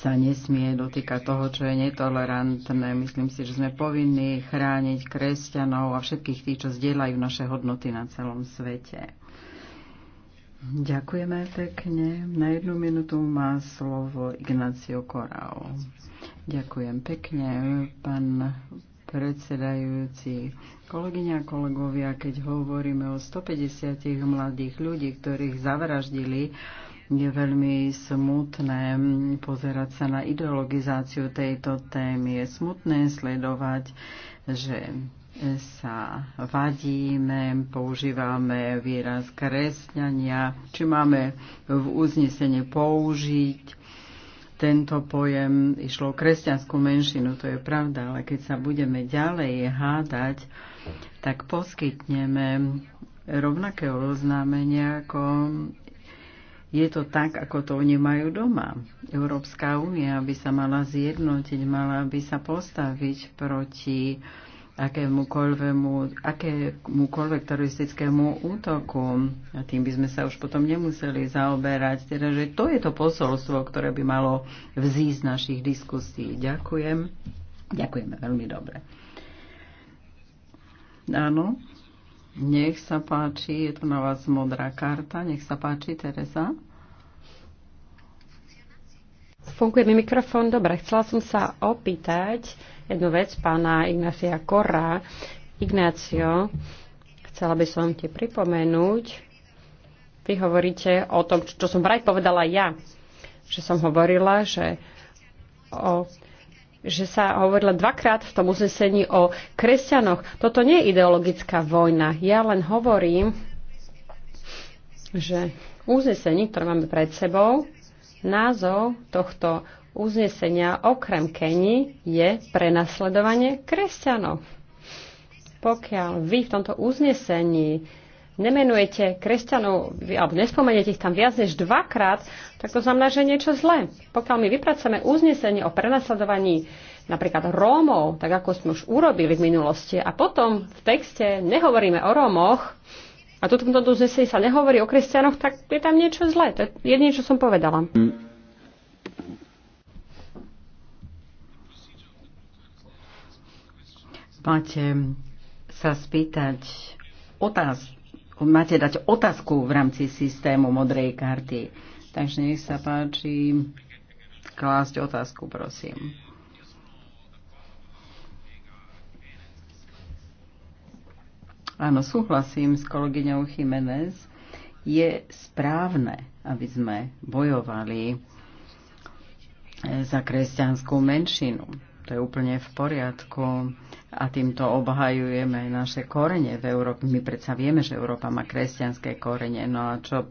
sa nesmie dotýka toho, čo je netolerantné. Myslím si, že sme povinní chrániť kresťanov a všetkých tých, čo zdieľajú naše hodnoty na celom svete. Ďakujeme pekne. Na jednu minútu má slovo Ignacio Korao. Ďakujem pekne, pán predsedajúci. Kolegyňa a kolegovia, keď hovoríme o 150 mladých ľudí, ktorých zavraždili, je veľmi smutné pozerať sa na ideologizáciu tejto témy. Je smutné sledovať, že sa vadíme, používame výraz kresťania, či máme v uznesení použiť tento pojem, išlo o kresťanskú menšinu, to je pravda, ale keď sa budeme ďalej hádať, tak poskytneme rovnaké oznámenie, ako je to tak, ako to oni majú doma. Európska únia by sa mala zjednotiť, mala by sa postaviť proti akémukoľvek teroristickému útoku. A tým by sme sa už potom nemuseli zaoberať. Teda, že to je to posolstvo, ktoré by malo vzísť z našich diskusí. Ďakujem. Ďakujeme veľmi dobre. Áno, nech sa páči, je tu na vás modrá karta. Nech sa páči, Teresa. Funguje mi mikrofón? Dobre, chcela som sa opýtať jednu vec pána Ignácia Korra. Ignácio, chcela by som ti pripomenúť, vy hovoríte o tom, čo som vraj povedala ja, že som hovorila, že, o, že sa hovorila dvakrát v tom uznesení o kresťanoch. Toto nie je ideologická vojna. Ja len hovorím, že uznesení, ktoré máme pred sebou, Názov tohto uznesenia okrem Keni je prenasledovanie kresťanov. Pokiaľ vy v tomto uznesení nemenujete kresťanov, alebo nespomeniete ich tam viac než dvakrát, tak to znamená, že je niečo zlé. Pokiaľ my vypracujeme uznesenie o prenasledovaní napríklad Rómov, tak ako sme už urobili v minulosti, a potom v texte nehovoríme o Rómoch, a tu v tomto uznesení sa nehovorí o kresťanoch, tak je tam niečo zlé. To je jedine, čo som povedala. Máte sa spýtať otázku, máte dať otázku v rámci systému modrej karty. Takže nech sa páči, klásť otázku, prosím. Áno, súhlasím s kolegyňou Jiménez. Je správne, aby sme bojovali eh, za kresťanskú menšinu. To je úplne v poriadku a týmto obhajujeme naše korene v Európe. My predsa vieme, že Európa má kresťanské korene. No a čo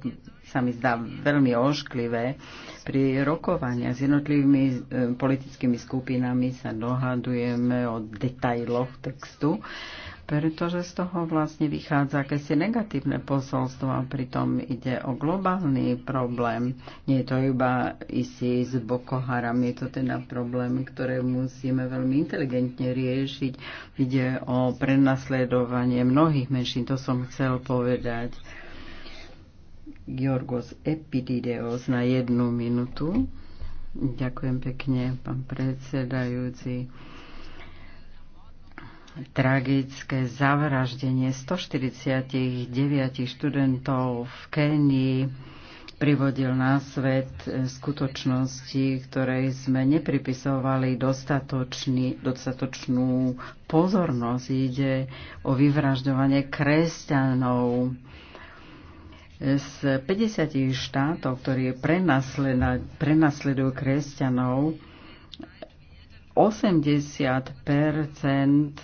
sa mi zdá veľmi ošklivé, pri rokovania s jednotlivými eh, politickými skupinami sa dohadujeme o detailoch textu pretože z toho vlastne vychádza akési negatívne posolstvo a pritom ide o globálny problém. Nie je to iba ISIS, Boko Haram, je to teda problém, ktoré musíme veľmi inteligentne riešiť. Ide o prenasledovanie mnohých menšín, to som chcel povedať. Georgos Epidideos na jednu minutu. Ďakujem pekne, pán predsedajúci tragické zavraždenie 149 študentov v Kenii privodil na svet skutočnosti, ktorej sme nepripisovali dostatočný, dostatočnú pozornosť. Ide o vyvražďovanie kresťanov z 50 štátov, ktorí prenasledujú kresťanov, 80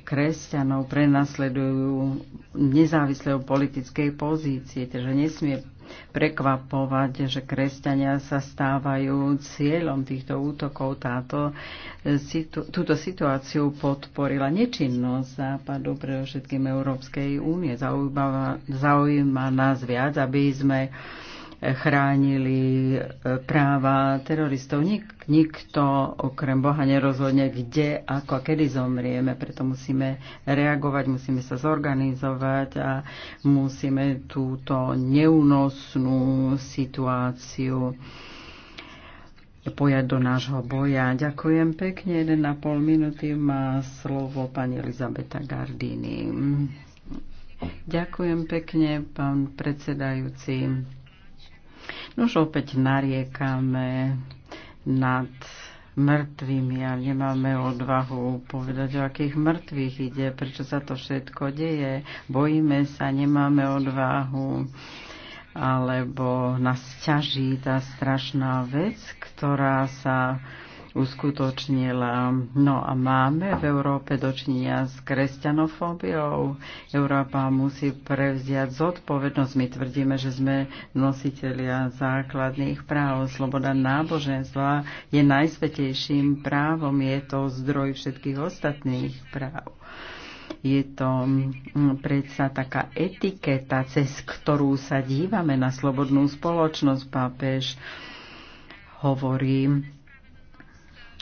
kresťanov prenasledujú nezávisle od politickej pozície, takže nesmie prekvapovať, že kresťania sa stávajú cieľom týchto útokov. Táto, e, situ, túto situáciu podporila nečinnosť Západu, predovšetkým Európskej únie. Zaujíma, zaujíma nás viac, aby sme uh, chránili e, práva teroristov. Nik, nikto okrem Boha nerozhodne, kde, ako a kedy zomrieme. Preto musíme reagovať, musíme sa zorganizovať a musíme túto neúnosnú situáciu pojať do nášho boja. Ďakujem pekne. 1,5 minúty má slovo pani Elizabeta Gardini. Ďakujem pekne, pán predsedajúci. No už opäť nariekame nad mŕtvými a nemáme odvahu povedať, o akých mŕtvych ide, prečo sa to všetko deje. Bojíme sa, nemáme odvahu alebo nás ťaží tá strašná vec, ktorá sa uskutočnila. No a máme v Európe dočinenia s kresťanofóbiou. Európa musí prevziať zodpovednosť. My tvrdíme, že sme nositeľia základných práv. Sloboda náboženstva je najsvetejším právom. Je to zdroj všetkých ostatných práv je to mm, predsa taká etiketa, cez ktorú sa dívame na slobodnú spoločnosť. Pápež hovorí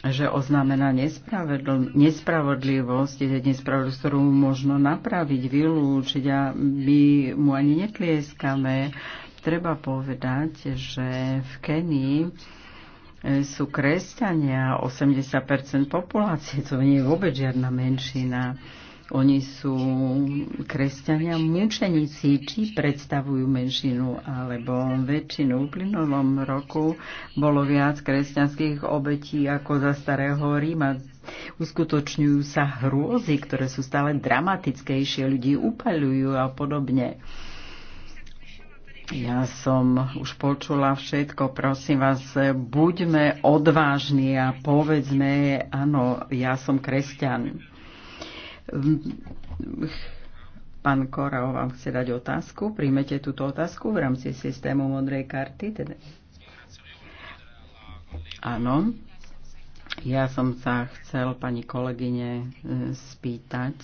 že oznámená nespravodlivosť je nespravodlivosť, ktorú možno napraviť, vylúčiť a my mu ani netlieskame. Treba povedať, že v Kenii e, sú kresťania, 80% populácie, to nie je vôbec žiadna menšina. Oni sú kresťania mučeníci, či predstavujú menšinu alebo väčšinu. V plynulom roku bolo viac kresťanských obetí ako za starého Ríma. Uskutočňujú sa hrôzy, ktoré sú stále dramatickejšie, ľudí upaľujú a podobne. Ja som už počula všetko. Prosím vás, buďme odvážni a povedzme, áno, ja som kresťan. Hm, pán Korao vám chce dať otázku. Príjmete túto otázku v rámci systému modrej karty? Teda... Áno. Ja som sa chcel pani kolegyne e, spýtať,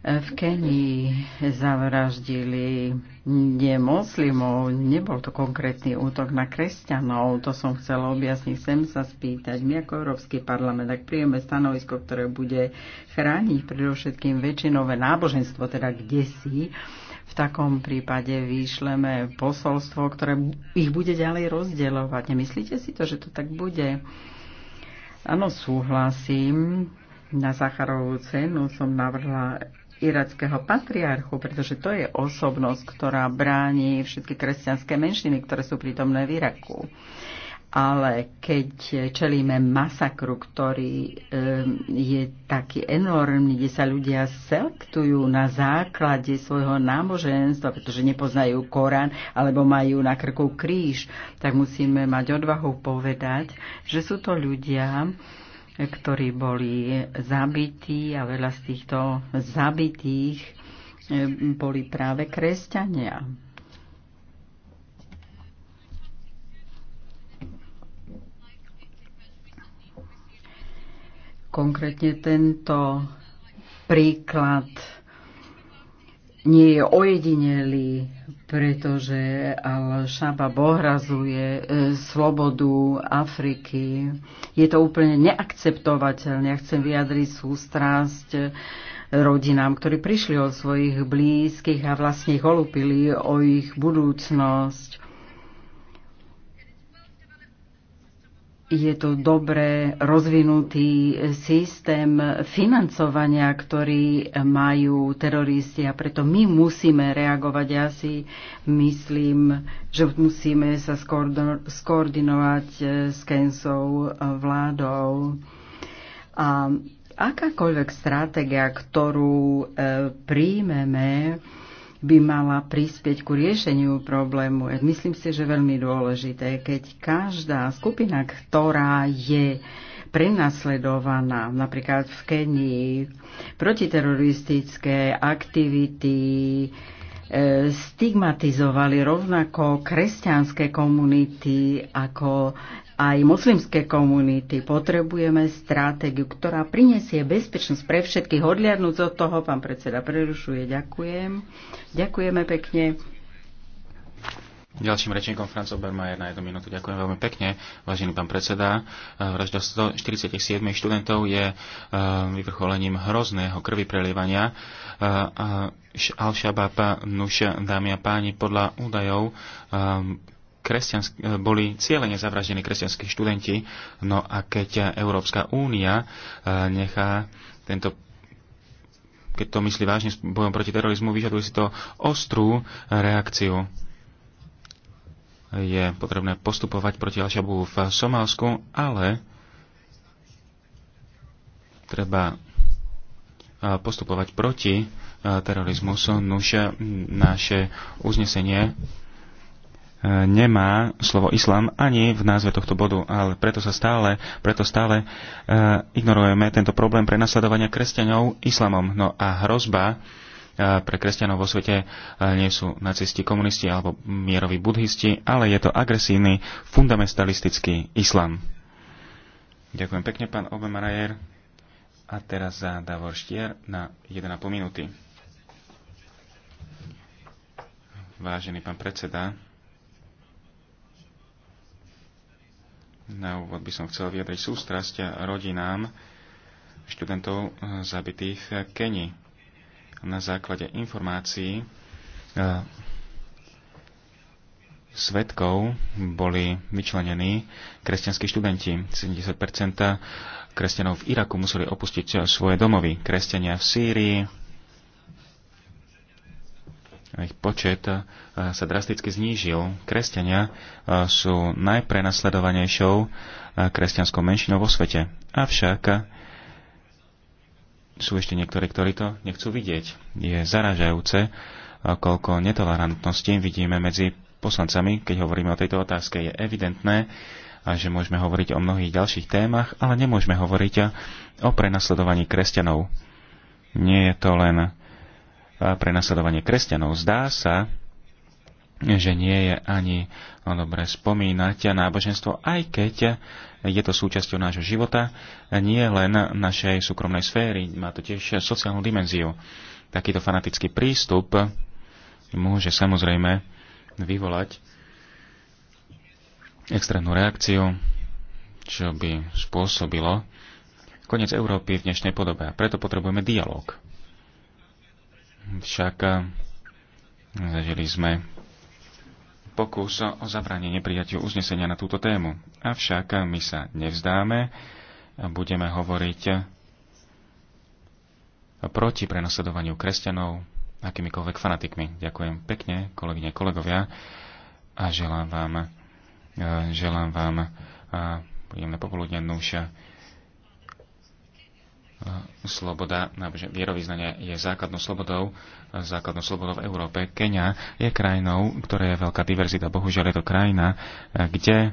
v Kenii zavraždili nemoslimov, nebol to konkrétny útok na kresťanov, to som chcela objasniť, sem sa spýtať, my ako Európsky parlament, ak príjeme stanovisko, ktoré bude chrániť predovšetkým väčšinové náboženstvo, teda kde si, v takom prípade vyšleme posolstvo, ktoré ich bude ďalej rozdielovať. Nemyslíte si to, že to tak bude? Áno, súhlasím. Na Zacharovú cenu som navrhla irackého patriarchu, pretože to je osobnosť, ktorá bráni všetky kresťanské menšiny, ktoré sú prítomné v Iraku. Ale keď čelíme masakru, ktorý eh, je taký enormný, kde sa ľudia selektujú na základe svojho náboženstva, pretože nepoznajú Korán alebo majú na krku kríž, tak musíme mať odvahu povedať, že sú to ľudia, ktorí boli zabití a veľa z týchto zabitých e, boli práve kresťania. Konkrétne tento príklad nie je ojedinelý, pretože Al-Shaba bohrazuje e, slobodu Afriky. Je to úplne neakceptovateľné. Ja chcem vyjadriť sústrasť e, rodinám, ktorí prišli o svojich blízkych a vlastne holupili o ich budúcnosť. je to dobre rozvinutý systém financovania, ktorý majú teroristi a preto my musíme reagovať. Ja si myslím, že musíme sa skoordinovať eh, s Kensou eh, vládou. A akákoľvek stratégia, ktorú eh, príjmeme, by mala prispieť ku riešeniu problému. Myslím si, že veľmi dôležité, keď každá skupina, ktorá je prenasledovaná, napríklad v Kenii, protiteroristické aktivity, e, stigmatizovali rovnako kresťanské komunity ako aj moslimské komunity. Potrebujeme stratégiu, ktorá prinesie bezpečnosť pre všetkých. Odliadnúť od toho, pán predseda prerušuje. Ďakujem. Ďakujeme pekne. Ďalším rečníkom Franco Bermajer na jednu minútu. Ďakujem veľmi pekne, vážený pán predseda. Eh, vražda 147 študentov je eh, vyvrcholením hrozného krvi prelievania. Eh, Al-Shabaab, Nuša, dámy a páni, podľa údajov E, boli cieľene zavraždení kresťanskí študenti. No a keď Európska únia e, nechá tento keď to myslí vážne s bojom proti terorizmu, vyžaduje si to ostrú reakciu. Je potrebné postupovať proti Alšabu v Somálsku, ale treba e, postupovať proti terorizmu. Nuž naše uznesenie nemá slovo islám ani v názve tohto bodu, ale preto sa stále, preto stále e, ignorujeme tento problém prenasledovania kresťanov islamom. No a hrozba e, pre kresťanov vo svete e, nie sú nacisti, komunisti alebo mieroví budhisti, ale je to agresívny, fundamentalistický islam. Ďakujem pekne, pán Obemarajer. A teraz za Davor Štier na 1,5 minúty. Vážený pán predseda, Na úvod by som chcel vyjadriť sústrasť rodinám študentov eh, zabitých v Keni. Na základe informácií eh, svetkov boli vyčlenení kresťanskí študenti. 70 kresťanov v Iraku museli opustiť eh, svoje domovy. Kresťania v Sýrii, ich počet eh, sa drasticky znížil. Kresťania eh, sú najprenasledovanejšou eh, kresťanskou menšinou vo svete. Avšak sú ešte niektorí, ktorí to nechcú vidieť. Je zaražajúce, koľko netolerantnosti vidíme medzi poslancami, keď hovoríme o tejto otázke. Je evidentné, a že môžeme hovoriť o mnohých ďalších témach, ale nemôžeme hovoriť o prenasledovaní kresťanov. Nie je to len prenasledovanie kresťanov. Zdá sa, že nie je ani dobre spomínať náboženstvo, aj keď je to súčasťou nášho života, nie len našej súkromnej sféry, má to tiež sociálnu dimenziu. Takýto fanatický prístup môže samozrejme vyvolať extrémnu reakciu, čo by spôsobilo koniec Európy v dnešnej podobe. A preto potrebujeme dialog. Však eh, zažili sme pokus o zabranie neprijatiu uznesenia na túto tému. Avšak eh, my sa nevzdáme a budeme hovoriť eh, proti prenasledovaniu kresťanov akýmikoľvek fanatikmi. Ďakujem pekne, kolegyne, kolegovia a želám vám, želám vám príjemné popoludne, nuša sloboda vierovýznanie je základnou slobodou, základnou slobodou v Európe. Kenia je krajinou, ktorá je veľká diverzita. Bohužiaľ je to krajina, kde eh,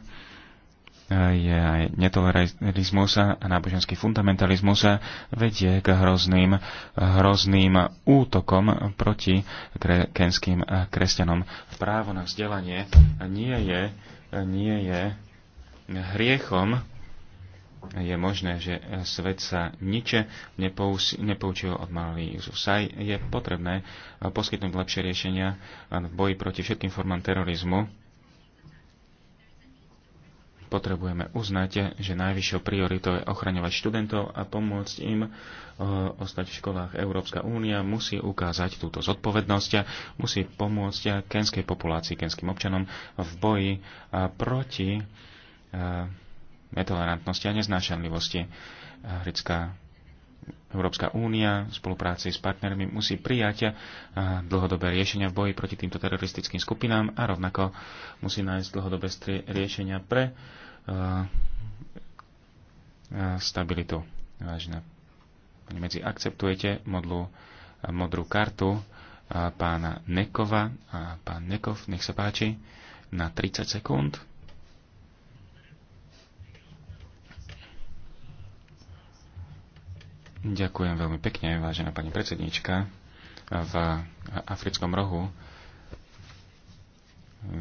je aj netolerizmus a náboženský fundamentalizmus a vedie k hrozným, hrozným útokom proti kenským eh, kresťanom. Právo na vzdelanie nie je, nie je hriechom, je možné, že e, svet sa niče nepoučil od Jezus. Aj Je potrebné e, poskytnúť lepšie riešenia e, v boji proti všetkým formám terorizmu. Potrebujeme uznať, že najvyššou prioritou je ochraňovať študentov a pomôcť im ostať v školách. Európska únia musí ukázať túto zodpovednosť a musí pomôcť kenskej populácii, kenským občanom v boji proti netolerantnosti a neznášanlivosti. Africká Európska únia v spolupráci s partnermi musí prijať eh, dlhodobé riešenia v boji proti týmto teroristickým skupinám a rovnako musí nájsť dlhodobé riešenia pre eh, eh, stabilitu. Vážne. pani Medzi, akceptujete modlu, modrú kartu pána Nekova a pán Nekov, nech sa páči, na 30 sekúnd. Ďakujem veľmi pekne, vážená pani predsedníčka. V africkom rohu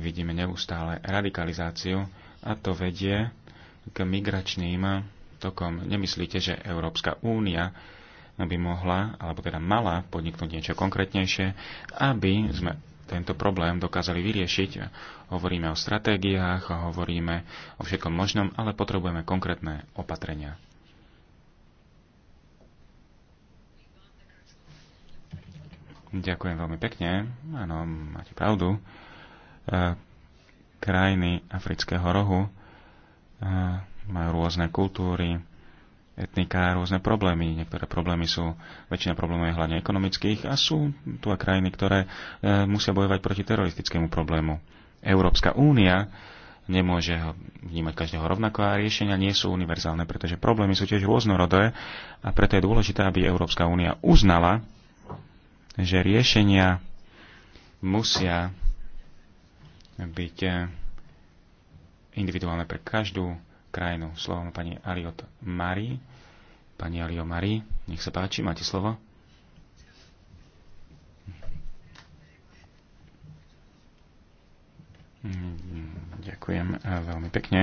vidíme neustále radikalizáciu a to vedie k migračným tokom. Nemyslíte, že Európska únia by mohla, alebo teda mala podniknúť niečo konkrétnejšie, aby sme tento problém dokázali vyriešiť. Hovoríme o stratégiách, hovoríme o všetkom možnom, ale potrebujeme konkrétne opatrenia. Ďakujem veľmi pekne. Áno, máte pravdu. E, krajiny Afrického rohu e, majú rôzne kultúry, etnika, rôzne problémy. Niektoré problémy sú, väčšina problémov je hlavne ekonomických a sú tu aj krajiny, ktoré e, musia bojovať proti teroristickému problému. Európska únia nemôže ho vnímať každého rovnako a riešenia nie sú univerzálne, pretože problémy sú tiež rôznorodé a preto je dôležité, aby Európska únia uznala že riešenia musia byť eh, individuálne pre každú krajinu. Slovo má pani Aliot Mari. Pani Alio Mari, nech sa páči, máte slovo. Mm, ďakujem eh, veľmi pekne.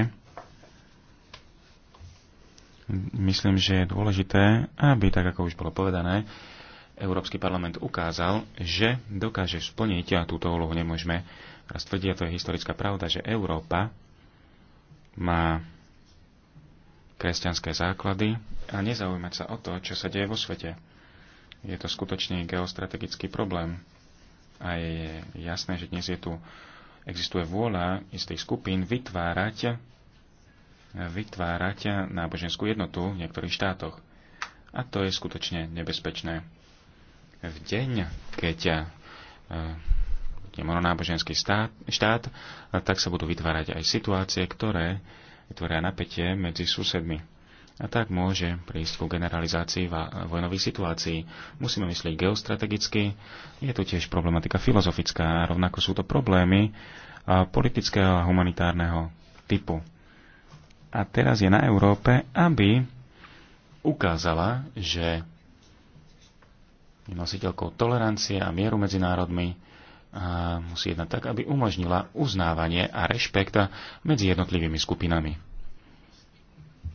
Myslím, že je dôležité, aby, tak ako už bolo povedané, Európsky parlament ukázal, že dokáže splniť a túto úlohu nemôžeme raz tvrdiť, a to je historická pravda, že Európa má kresťanské základy a nezaujímať sa o to, čo sa deje vo svete. Je to skutočne geostrategický problém a je jasné, že dnes je tu existuje vôľa istých skupín vytvárať vytvárať náboženskú jednotu v niektorých štátoch. A to je skutočne nebezpečné v deň, keď e, je mononáboženský štát, štát, tak sa budú vytvárať aj situácie, ktoré vytvoria napätie medzi susedmi. A tak môže prísť ku generalizácii vojnových situácií. Musíme myslieť geostrategicky, je to tiež problematika filozofická, a rovnako sú to problémy e, politického a humanitárneho typu. A teraz je na Európe, aby ukázala, že je nositeľkou tolerancie a mieru medzi národmi a musí jednať tak, aby umožnila uznávanie a rešpekta medzi jednotlivými skupinami.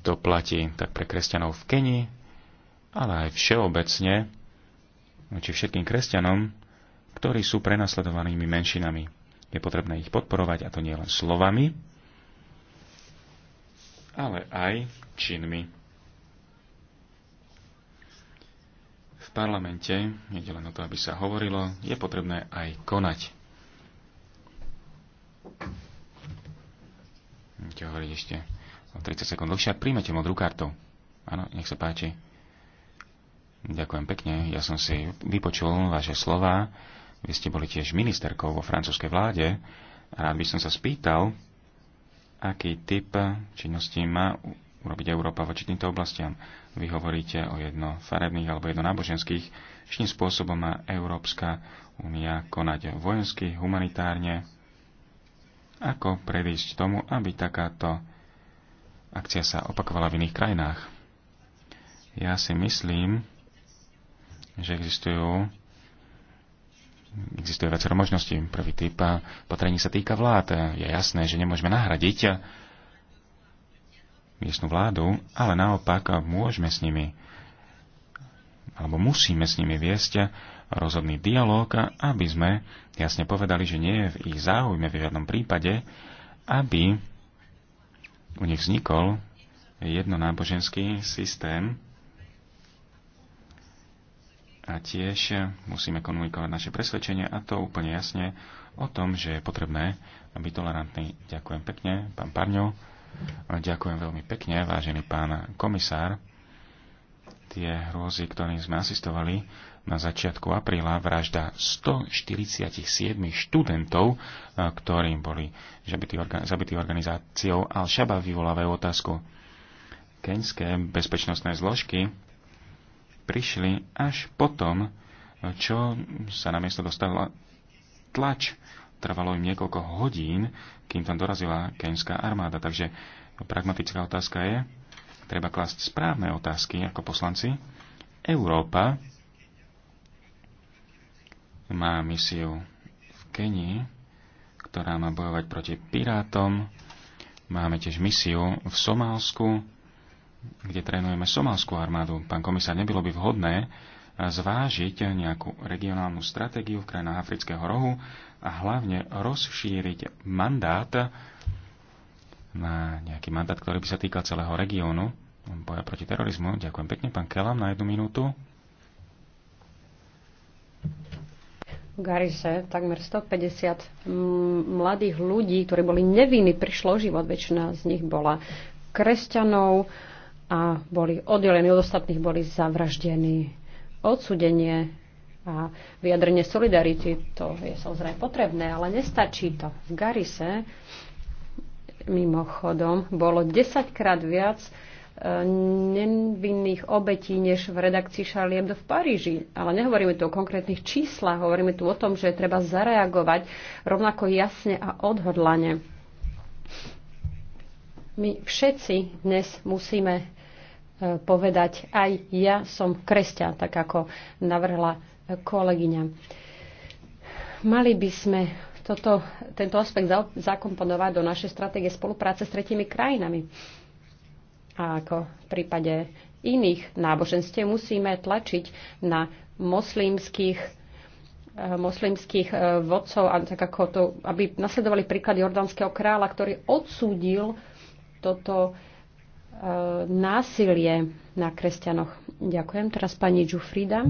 To platí tak pre kresťanov v Kenii, ale aj všeobecne voči všetkým kresťanom, ktorí sú prenasledovanými menšinami. Je potrebné ich podporovať, a to nielen slovami, ale aj činmi. parlamente nie len o to, aby sa hovorilo, je potrebné aj konať. Budete hovoriť ešte o 30 sekúnd dlhšie, ak príjmete modrú kartu. Áno, nech sa páči. Ďakujem pekne. Ja som si vypočul vaše slova. Vy ste boli tiež ministerkou vo francúzskej vláde. Rád by som sa spýtal, aký typ činnosti má urobiť Európa voči týmto oblastiam. Vy hovoríte o jedno farebných alebo jedno náboženských. Čím spôsobom má Európska únia konať vojensky, humanitárne? Ako predísť tomu, aby takáto akcia sa opakovala v iných krajinách? Ja si myslím, že existujú existuje viacero možností. Prvý typ opatrení sa týka vlád. Je jasné, že nemôžeme nahradiť miestnu vládu, ale naopak môžeme s nimi alebo musíme s nimi viesť rozhodný dialog, aby sme jasne povedali, že nie je v ich záujme v žiadnom prípade, aby u nich vznikol jednonáboženský systém a tiež musíme komunikovať naše presvedčenie a to úplne jasne o tom, že je potrebné byť tolerantný. Ďakujem pekne, pán Parňo. Ďakujem veľmi pekne, vážený pán komisár. Tie hrôzy, ktorým sme asistovali na začiatku apríla, vražda 147 študentov, e, ktorým boli zabití organizáciou al shaba vyvolávajú otázku. Keňské bezpečnostné zložky prišli až potom, čo sa na miesto dostala tlač. Trvalo im niekoľko hodín kým tam dorazila keňská armáda. Takže pragmatická otázka je, treba klásť správne otázky ako poslanci. Európa má misiu v Kenii, ktorá má bojovať proti pirátom. Máme tiež misiu v Somálsku, kde trénujeme somálskú armádu. Pán komisár, nebylo by vhodné, zvážiť nejakú regionálnu stratégiu v krajinách Afrického rohu a hlavne rozšíriť mandát na nejaký mandát, ktorý by sa týkal celého regiónu boja proti terorizmu. Ďakujem pekne, pán Kelam, na jednu minútu. V Garise takmer 150 mladých ľudí, ktorí boli nevinní, prišlo život. Väčšina z nich bola kresťanov a boli oddelení od ostatných, boli zavraždení odsudenie a vyjadrenie solidarity, to je samozrejme potrebné, ale nestačí to. V Garise mimochodom bolo 10 krát viac e, nevinných obetí než v redakcii Charlie Hebdo v Paríži. Ale nehovoríme tu o konkrétnych číslach, hovoríme tu o tom, že treba zareagovať rovnako jasne a odhodlane. My všetci dnes musíme E, povedať, aj ja som kresťan, tak ako navrhla kolegyňa. Mali by sme toto, tento aspekt zakomponovať do našej stratégie spolupráce s tretimi krajinami. A ako v prípade iných náboženstiev musíme tlačiť na moslimských e, moslimských e, vodcov, tak ako to, aby nasledovali príklad jordánskeho kráľa, ktorý odsúdil toto násilie na kresťanoch. Ďakujem. Teraz pani Džufrida.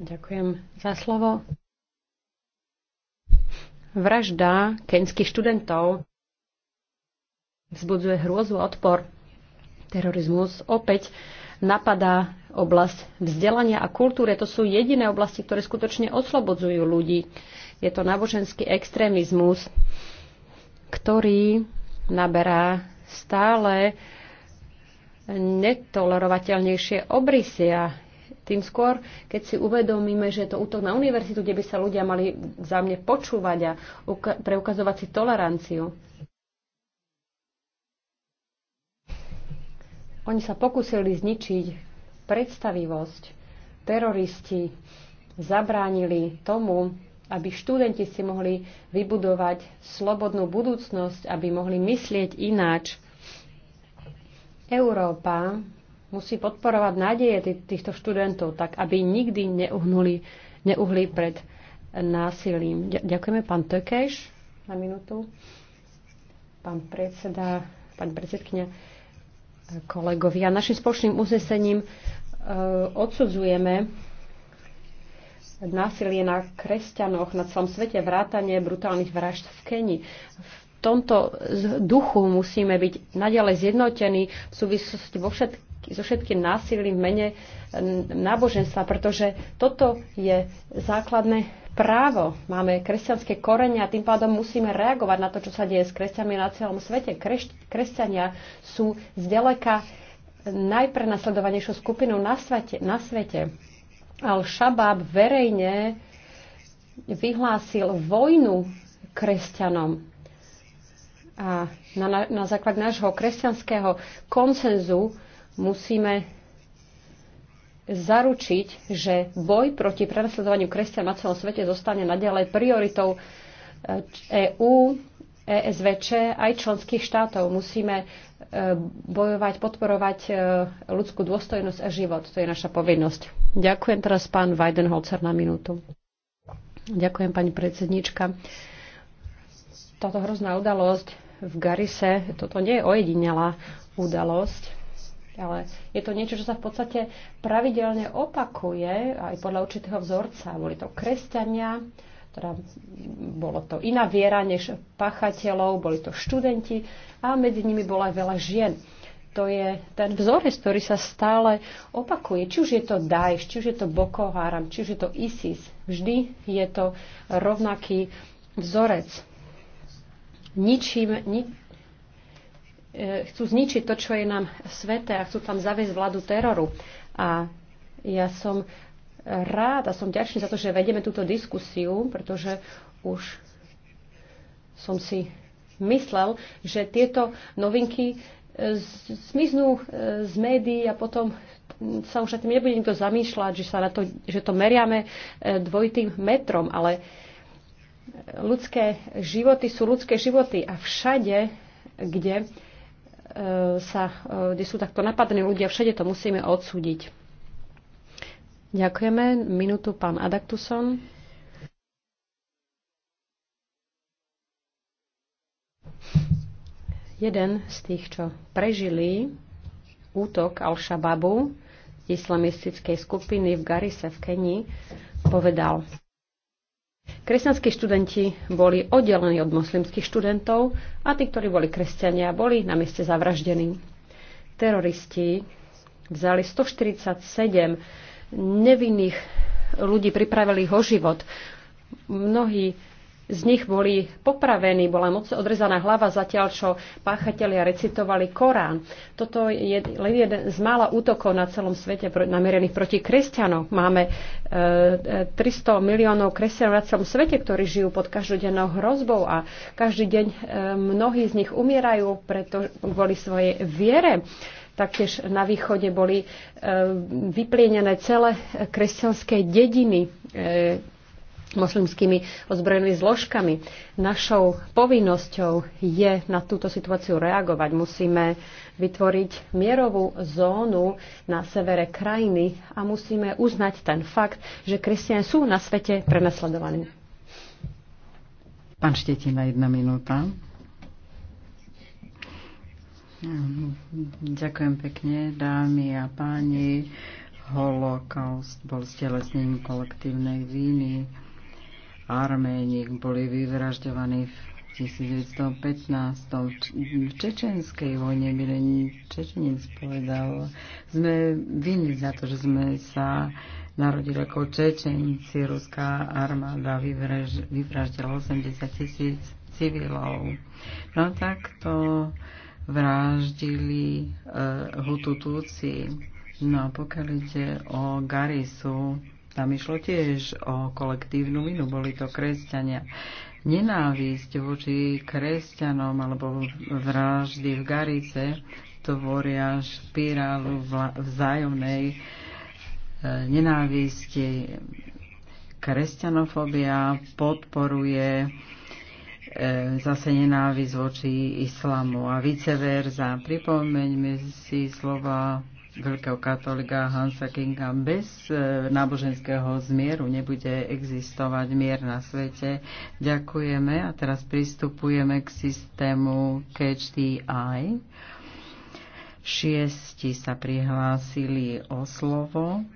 Ďakujem za slovo. Vražda kenských študentov vzbudzuje hrôzu a odpor. Terorizmus opäť napadá oblasť vzdelania a kultúry. To sú jediné oblasti, ktoré skutočne oslobodzujú ľudí. Je to náboženský extrémizmus ktorý naberá stále netolerovateľnejšie obrysy a tým skôr, keď si uvedomíme, že je to útok na univerzitu, kde by sa ľudia mali za mne počúvať a preukazovať si toleranciu. Oni sa pokúsili zničiť predstavivosť. Teroristi zabránili tomu, aby študenti si mohli vybudovať slobodnú budúcnosť, aby mohli myslieť ináč. Európa musí podporovať nádeje týchto študentov, tak aby nikdy neuhnuli, neuhli pred násilím. Ďakujeme, pán Tökeš, na minútu. Pán predseda, pani predsedkňa, kolegovia. Našim spoločným uznesením e, odsudzujeme násilie na kresťanoch na celom svete, vrátanie brutálnych vražd v Keni. V tomto duchu musíme byť naďalej zjednotení v súvislosti vo všetkých so všetkým násilím v mene náboženstva, pretože toto je základné právo. Máme kresťanské korene a tým pádom musíme reagovať na to, čo sa deje s kresťanmi na celom svete. Kresťania sú zďaleka najprenasledovanejšou skupinou na svete. Na svete. Al-Shabaab verejne vyhlásil vojnu kresťanom. A na, na, na základ nášho kresťanského konsenzu musíme zaručiť, že boj proti prenasledovaniu kresťan na celom svete zostane naďalej prioritou EÚ eh, e ESVČ aj členských štátov. Musíme e, bojovať, podporovať e, ľudskú dôstojnosť a život. To je naša povinnosť. Ďakujem teraz pán Weidenholzer na minútu. Ďakujem pani predsednička. Táto hrozná udalosť v Garise, toto nie je ojedinelá udalosť, ale je to niečo, čo sa v podstate pravidelne opakuje aj podľa určitého vzorca. Boli to kresťania, teda bolo to iná viera než pachateľov, boli to študenti a medzi nimi bola aj veľa žien. To je ten vzor, ktorý sa stále opakuje. Či už je to Daesh, či už je to Boko Haram, či už je to ISIS. Vždy je to rovnaký vzorec. Ničím, ni, e, chcú zničiť to, čo je nám sveté a chcú tam zaviesť vládu teroru. A ja som rád a som ďačný za to, že vedeme túto diskusiu, pretože už som si myslel, že tieto novinky e, zmiznú e, z médií a potom sa už na tým nebude nikto zamýšľať, že, sa na to, že to meriame e, dvojitým metrom, ale ľudské životy sú ľudské životy a všade, kde, sa, kde sú takto napadení ľudia, všade to musíme odsúdiť. Ďakujeme. Minútu pán Adaktuson. Jeden z tých, čo prežili útok Al-Shababu islamistickej skupiny v Garise v Kenii, povedal. Kresťanskí študenti boli oddelení od moslimských študentov a tí, ktorí boli kresťania, boli na mieste zavraždení. Teroristi vzali 147 nevinných ľudí, pripravili ho život. Mnohí z nich boli popravení, bola moc odrezaná hlava zatiaľ, čo páchatelia recitovali Korán. Toto je len jeden z mála útokov na celom svete namerených proti kresťanom. Máme e, eh, 300 miliónov kresťanov na celom svete, ktorí žijú pod každodennou hrozbou a každý deň e, mnohí z nich umierajú preto, kvôli svojej viere. E, taktiež na východe boli e, vyplienené celé kresťanské dediny e, moslimskými ozbrojenými zložkami. Našou povinnosťou je na túto situáciu reagovať. Musíme vytvoriť mierovú zónu na severe krajiny a musíme uznať ten fakt, že kresťania sú na svete prenasledovaní. Pán Štetina, jedna minúta. Ďakujem pekne, dámy a páni. Holokaust bol stelesnením kolektívnej víny. Arméni boli vyvražďovaní v 1915. V Čečenskej vojne len Čečenec povedal, sme vinni za to, že sme sa narodili ako Čečenci. Ruská armáda vyvraždila 80 tisíc civilov. No tak to vraždili eh, Hututúci. No a pokiaľ ide o Garisu, tam išlo tiež o kolektívnu vinu, boli to kresťania. Nenávisť voči kresťanom alebo vraždy v Garice tvoria špirálu vzájomnej eh, nenávisti. Kresťanofobia podporuje E, zase nenávisť voči islamu a za Pripomeňme si slova veľkého katolika Hansa Kinga. Bez e, náboženského zmieru nebude existovať mier na svete. Ďakujeme a teraz pristupujeme k systému Catch the Eye. Šiesti sa prihlásili o slovo.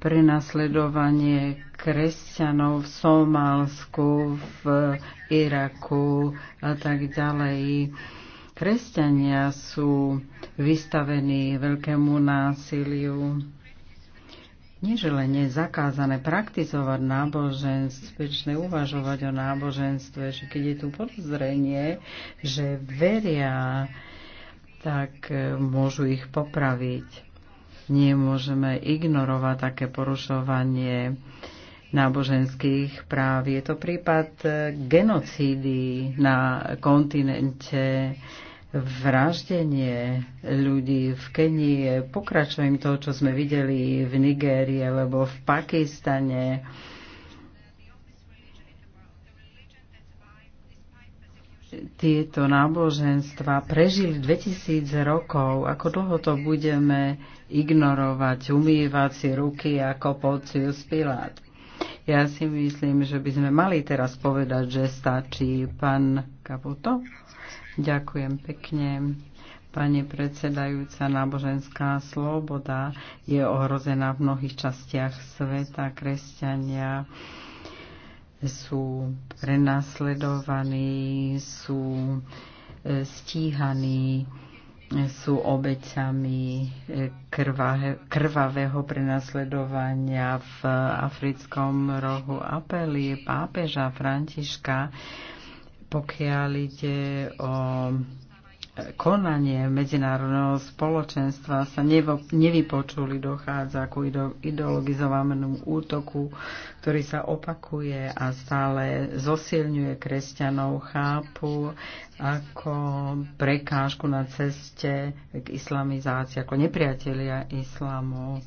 prenasledovanie kresťanov v Somálsku, v Iraku a tak ďalej. Kresťania sú vystavení veľkému násiliu. Neželenie je zakázané praktizovať náboženstvo, väčšie uvažovať o náboženstve, že keď je tu podozrenie, že veria, tak eh, môžu ich popraviť nemôžeme ignorovať také porušovanie náboženských práv. Je to prípad genocídy na kontinente, vraždenie ľudí v Kenii. Pokračujem to, čo sme videli v Nigérii alebo v Pakistane. Tieto náboženstva prežili 2000 rokov. Ako dlho to budeme ignorovať umývať si ruky ako Pocius Pilát. Ja si myslím, že by sme mali teraz povedať, že stačí pán Kaputo. Ďakujem pekne. Pani predsedajúca, náboženská sloboda je ohrozená v mnohých častiach sveta. Kresťania sú prenasledovaní, sú e, stíhaní sú obeťami eh, krvavého prenasledovania v africkom rohu. Apely pápeža Františka, pokiaľ ide o konanie medzinárodného spoločenstva sa nevypočuli, dochádza ku ideologizovanému útoku, ktorý sa opakuje a stále zosilňuje kresťanov, chápu ako prekážku na ceste k islamizácii, ako nepriatelia islamu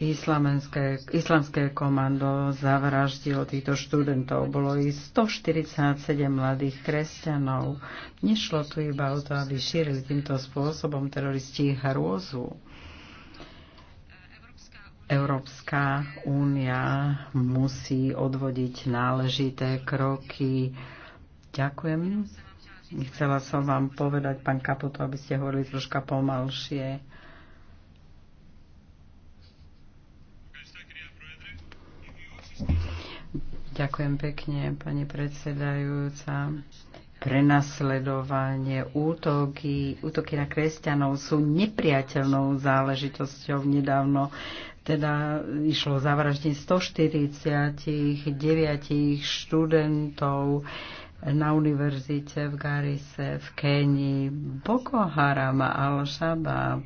islamské komando zavraždilo týchto študentov. Bolo ich 147 mladých kresťanov. Nešlo tu iba o to, aby šírili týmto spôsobom teroristi hrôzu. Európska únia musí odvodiť náležité kroky. Ďakujem. Chcela som vám povedať, pán Kaputo, aby ste hovorili troška pomalšie. Ďakujem pekne, pani predsedajúca. Prenasledovanie, útoky, útoky na kresťanov sú nepriateľnou záležitosťou. Nedávno teda išlo zavraždiť 149 študentov na univerzite v Garise v Kenii. Boko Haram Al-Shabaab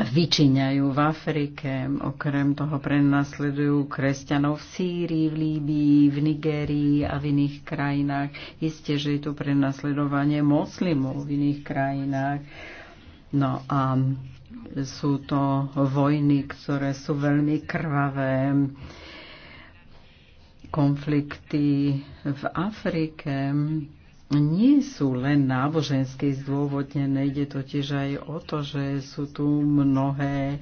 vyčiňajú v Afrike, okrem toho prenasledujú kresťanov v Sýrii, v Líbii, v Nigérii a v iných krajinách. Isté, že je tu prenasledovanie moslimov v iných krajinách. No a sú to vojny, ktoré sú veľmi krvavé, konflikty v Afrike, nie sú len nábožensky zdôvodnené, ide totiž aj o to, že sú tu mnohé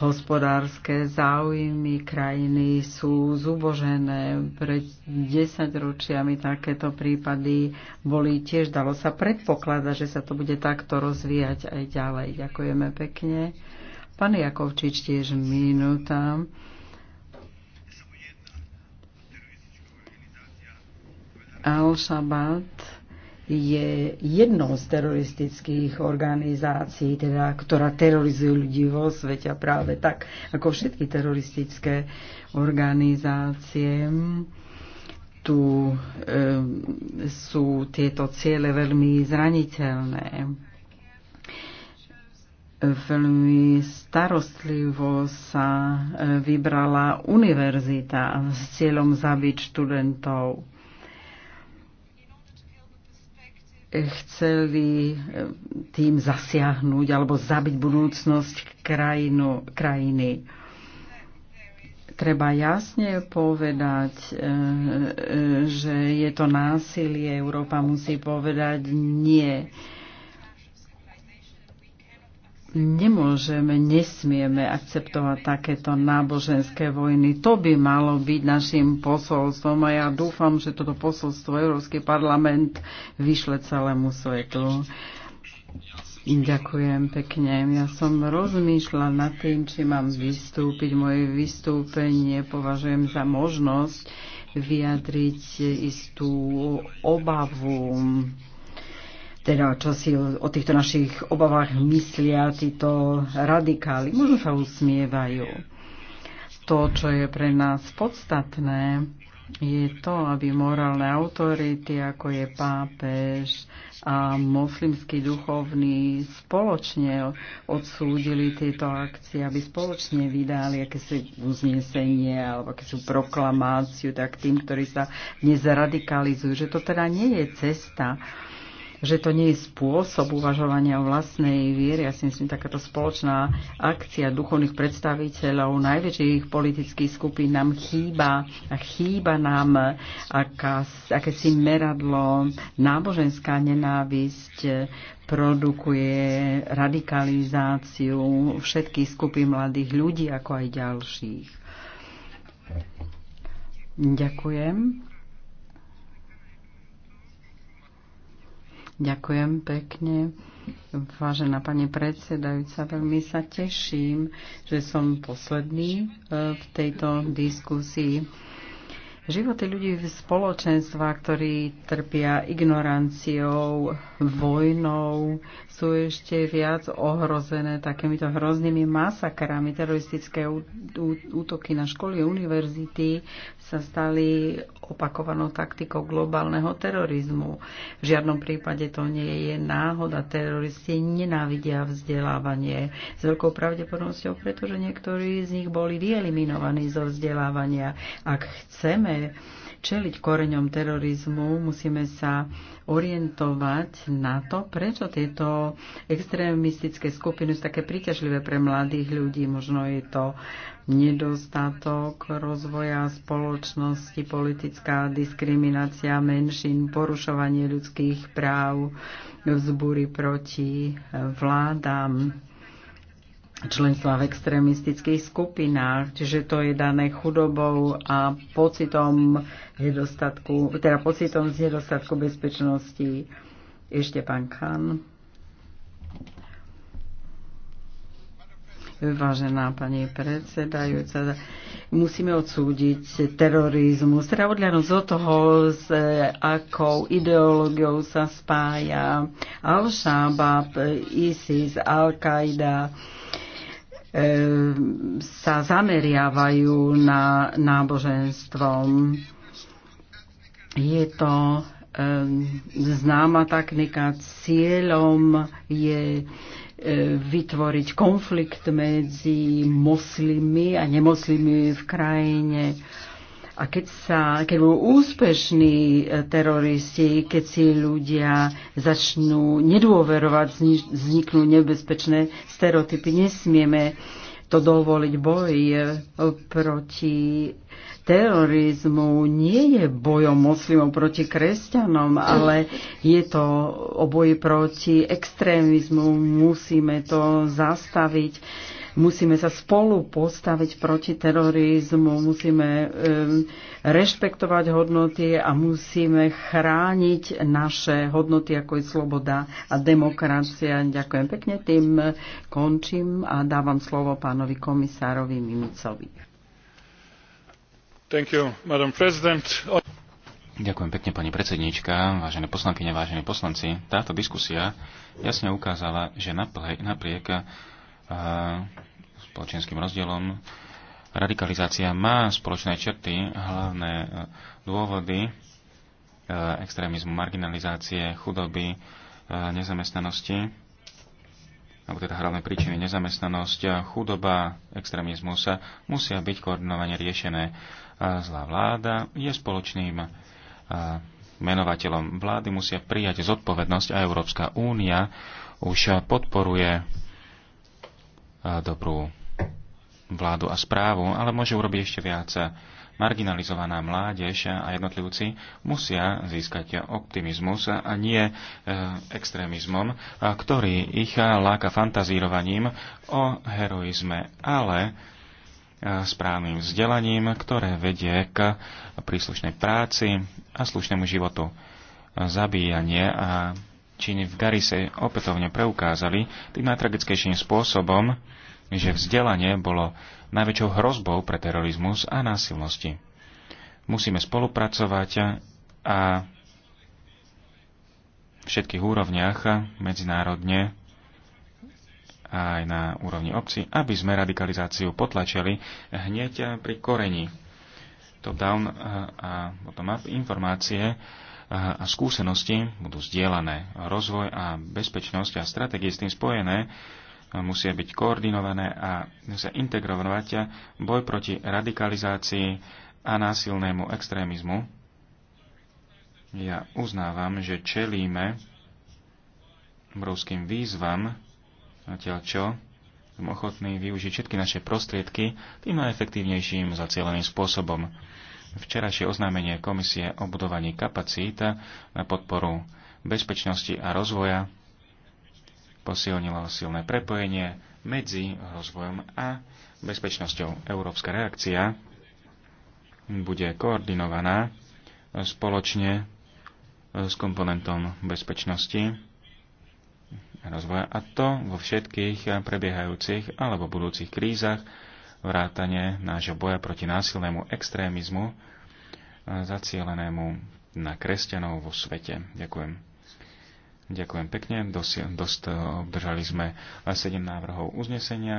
hospodárske záujmy krajiny sú zubožené. Pred desaťročiami takéto prípady boli tiež, dalo sa predpokladať, že sa to bude takto rozvíjať aj ďalej. Ďakujeme pekne. Pán Jakovčič tiež minúta. Al-Shabaab je jednou z teroristických organizácií, teda, ktorá terorizuje ľudí vo svete a práve tak, ako všetky teroristické organizácie. Tu e, sú tieto ciele veľmi zraniteľné. Veľmi starostlivo sa e, vybrala univerzita s cieľom zabiť študentov chceli eh, tým zasiahnuť alebo zabiť budúcnosť krajinu, krajiny. Treba jasne povedať, eh, eh, že je to násilie. Európa musí povedať nie Nemôžeme, nesmieme akceptovať takéto náboženské vojny. To by malo byť našim posolstvom a ja dúfam, že toto posolstvo Európsky parlament vyšle celému svetu. Ďakujem pekne. Ja som rozmýšľa nad tým, či mám vystúpiť. Moje vystúpenie považujem za možnosť vyjadriť istú obavu teda čo si o týchto našich obavách myslia títo radikáli. Možno sa usmievajú. To, čo je pre nás podstatné, je to, aby morálne autority, ako je pápež a moslimskí duchovní, spoločne odsúdili tieto akcie, aby spoločne vydali akési uznesenie alebo akési proklamáciu tak tým, ktorí sa nezradikalizujú. že to teda nie je cesta, že to nie je spôsob uvažovania o vlastnej viere. Ja si myslím, takáto spoločná akcia duchovných predstaviteľov najväčších politických skupín nám chýba a chýba nám aká, akési meradlo, náboženská nenávisť produkuje radikalizáciu všetkých skupín mladých ľudí, ako aj ďalších. Ďakujem. Ďakujem pekne. Vážená pani predsedajúca, veľmi sa teším, že som posledný e, v tejto diskusii. Životy ľudí v spoločenstva, ktorí trpia ignoranciou, vojnou, sú ešte viac ohrozené takýmito hroznými masakrami, teroristické útoky na školy, univerzity, sa stali opakovanou taktikou globálneho terorizmu. V žiadnom prípade to nie je náhoda. Teroristi nenávidia vzdelávanie s veľkou pravdepodobnosťou, pretože niektorí z nich boli vyeliminovaní zo vzdelávania. Ak chceme čeliť koreňom terorizmu, musíme sa orientovať na to, prečo tieto extrémistické skupiny sú také príťažlivé pre mladých ľudí. Možno je to nedostatok rozvoja spoločnosti, politická diskriminácia menšín, porušovanie ľudských práv, vzbúry proti vládám členstva v extrémistických skupinách, čiže to je dané chudobou a pocitom, nedostatku, teda pocitom z nedostatku bezpečnosti. Ešte pán Khan. Vážená pani predsedajúca, musíme odsúdiť terorizmus, teda odľanúť od toho, s akou ideológiou sa spája Al-Shabaab, ISIS, Al-Qaida, Ehm, sa zameriavajú na náboženstvo. Je to ehm, známa taknika. Cieľom je e, vytvoriť konflikt medzi moslimi a nemoslimi v krajine a keď, sa, keď budú úspešní e, teroristi, keď si ľudia začnú nedôverovať, vzniknú nebezpečné stereotypy, nesmieme to dovoliť boj e, proti terorizmu nie je bojom moslimov proti kresťanom, ale je to o boji proti extrémizmu. Musíme to zastaviť Musíme sa spolu postaviť proti terorizmu, musíme eh, rešpektovať hodnoty a musíme chrániť naše hodnoty, ako je sloboda a demokracia. Ďakujem pekne, tým končím a dávam slovo pánovi komisárovi Mimicovi. Thank you, Madam President. Ďakujem pekne, pani predsedníčka, vážené poslankyne, vážení poslanci. Táto diskusia jasne ukázala, že napriek spoločenským rozdielom. Radikalizácia má spoločné črty, hlavné e, dôvody e, extrémizmu, marginalizácie, chudoby, e, nezamestnanosti, alebo teda hlavné príčiny nezamestnanosť, chudoba, extrémizmus musia byť koordinovane riešené. Zlá vláda je spoločným menovateľom. Vlády musia prijať zodpovednosť a Európska únia už podporuje dobrú vládu a správu, ale môže urobiť ešte viac. Marginalizovaná mládež a jednotlivci musia získať optimizmus a nie e, extrémizmom, ktorý ich láka fantazírovaním o heroizme, ale e, správnym vzdelaním, ktoré vedie k príslušnej práci a slušnému životu. Zabíjanie a činy v Garise opätovne preukázali tým najtragickejším spôsobom, že vzdelanie bolo najväčšou hrozbou pre terorizmus a násilnosti. Musíme spolupracovať a všetkých úrovniach medzinárodne aj na úrovni obci, aby sme radikalizáciu potlačili hneď pri korení. Top-down eh, a potom informácie a skúsenosti budú zdieľané. Rozvoj a bezpečnosť a stratégie s tým spojené musia byť koordinované a sa integrovať boj proti radikalizácii a násilnému extrémizmu. Ja uznávam, že čelíme obrovským výzvam, zatiaľ čo som ochotný využiť všetky naše prostriedky tým najefektívnejším zacieleným spôsobom včerajšie oznámenie komisie o budovaní kapacít na podporu bezpečnosti a rozvoja posilnilo silné prepojenie medzi rozvojom a bezpečnosťou. Európska reakcia bude koordinovaná spoločne s komponentom bezpečnosti a rozvoja a to vo všetkých prebiehajúcich alebo budúcich krízach vrátane nášho boja proti násilnému extrémizmu e, zacielenému na kresťanov vo svete. Ďakujem. Ďakujem pekne. dosť dosť obdržali sme 7 návrhov uznesenia.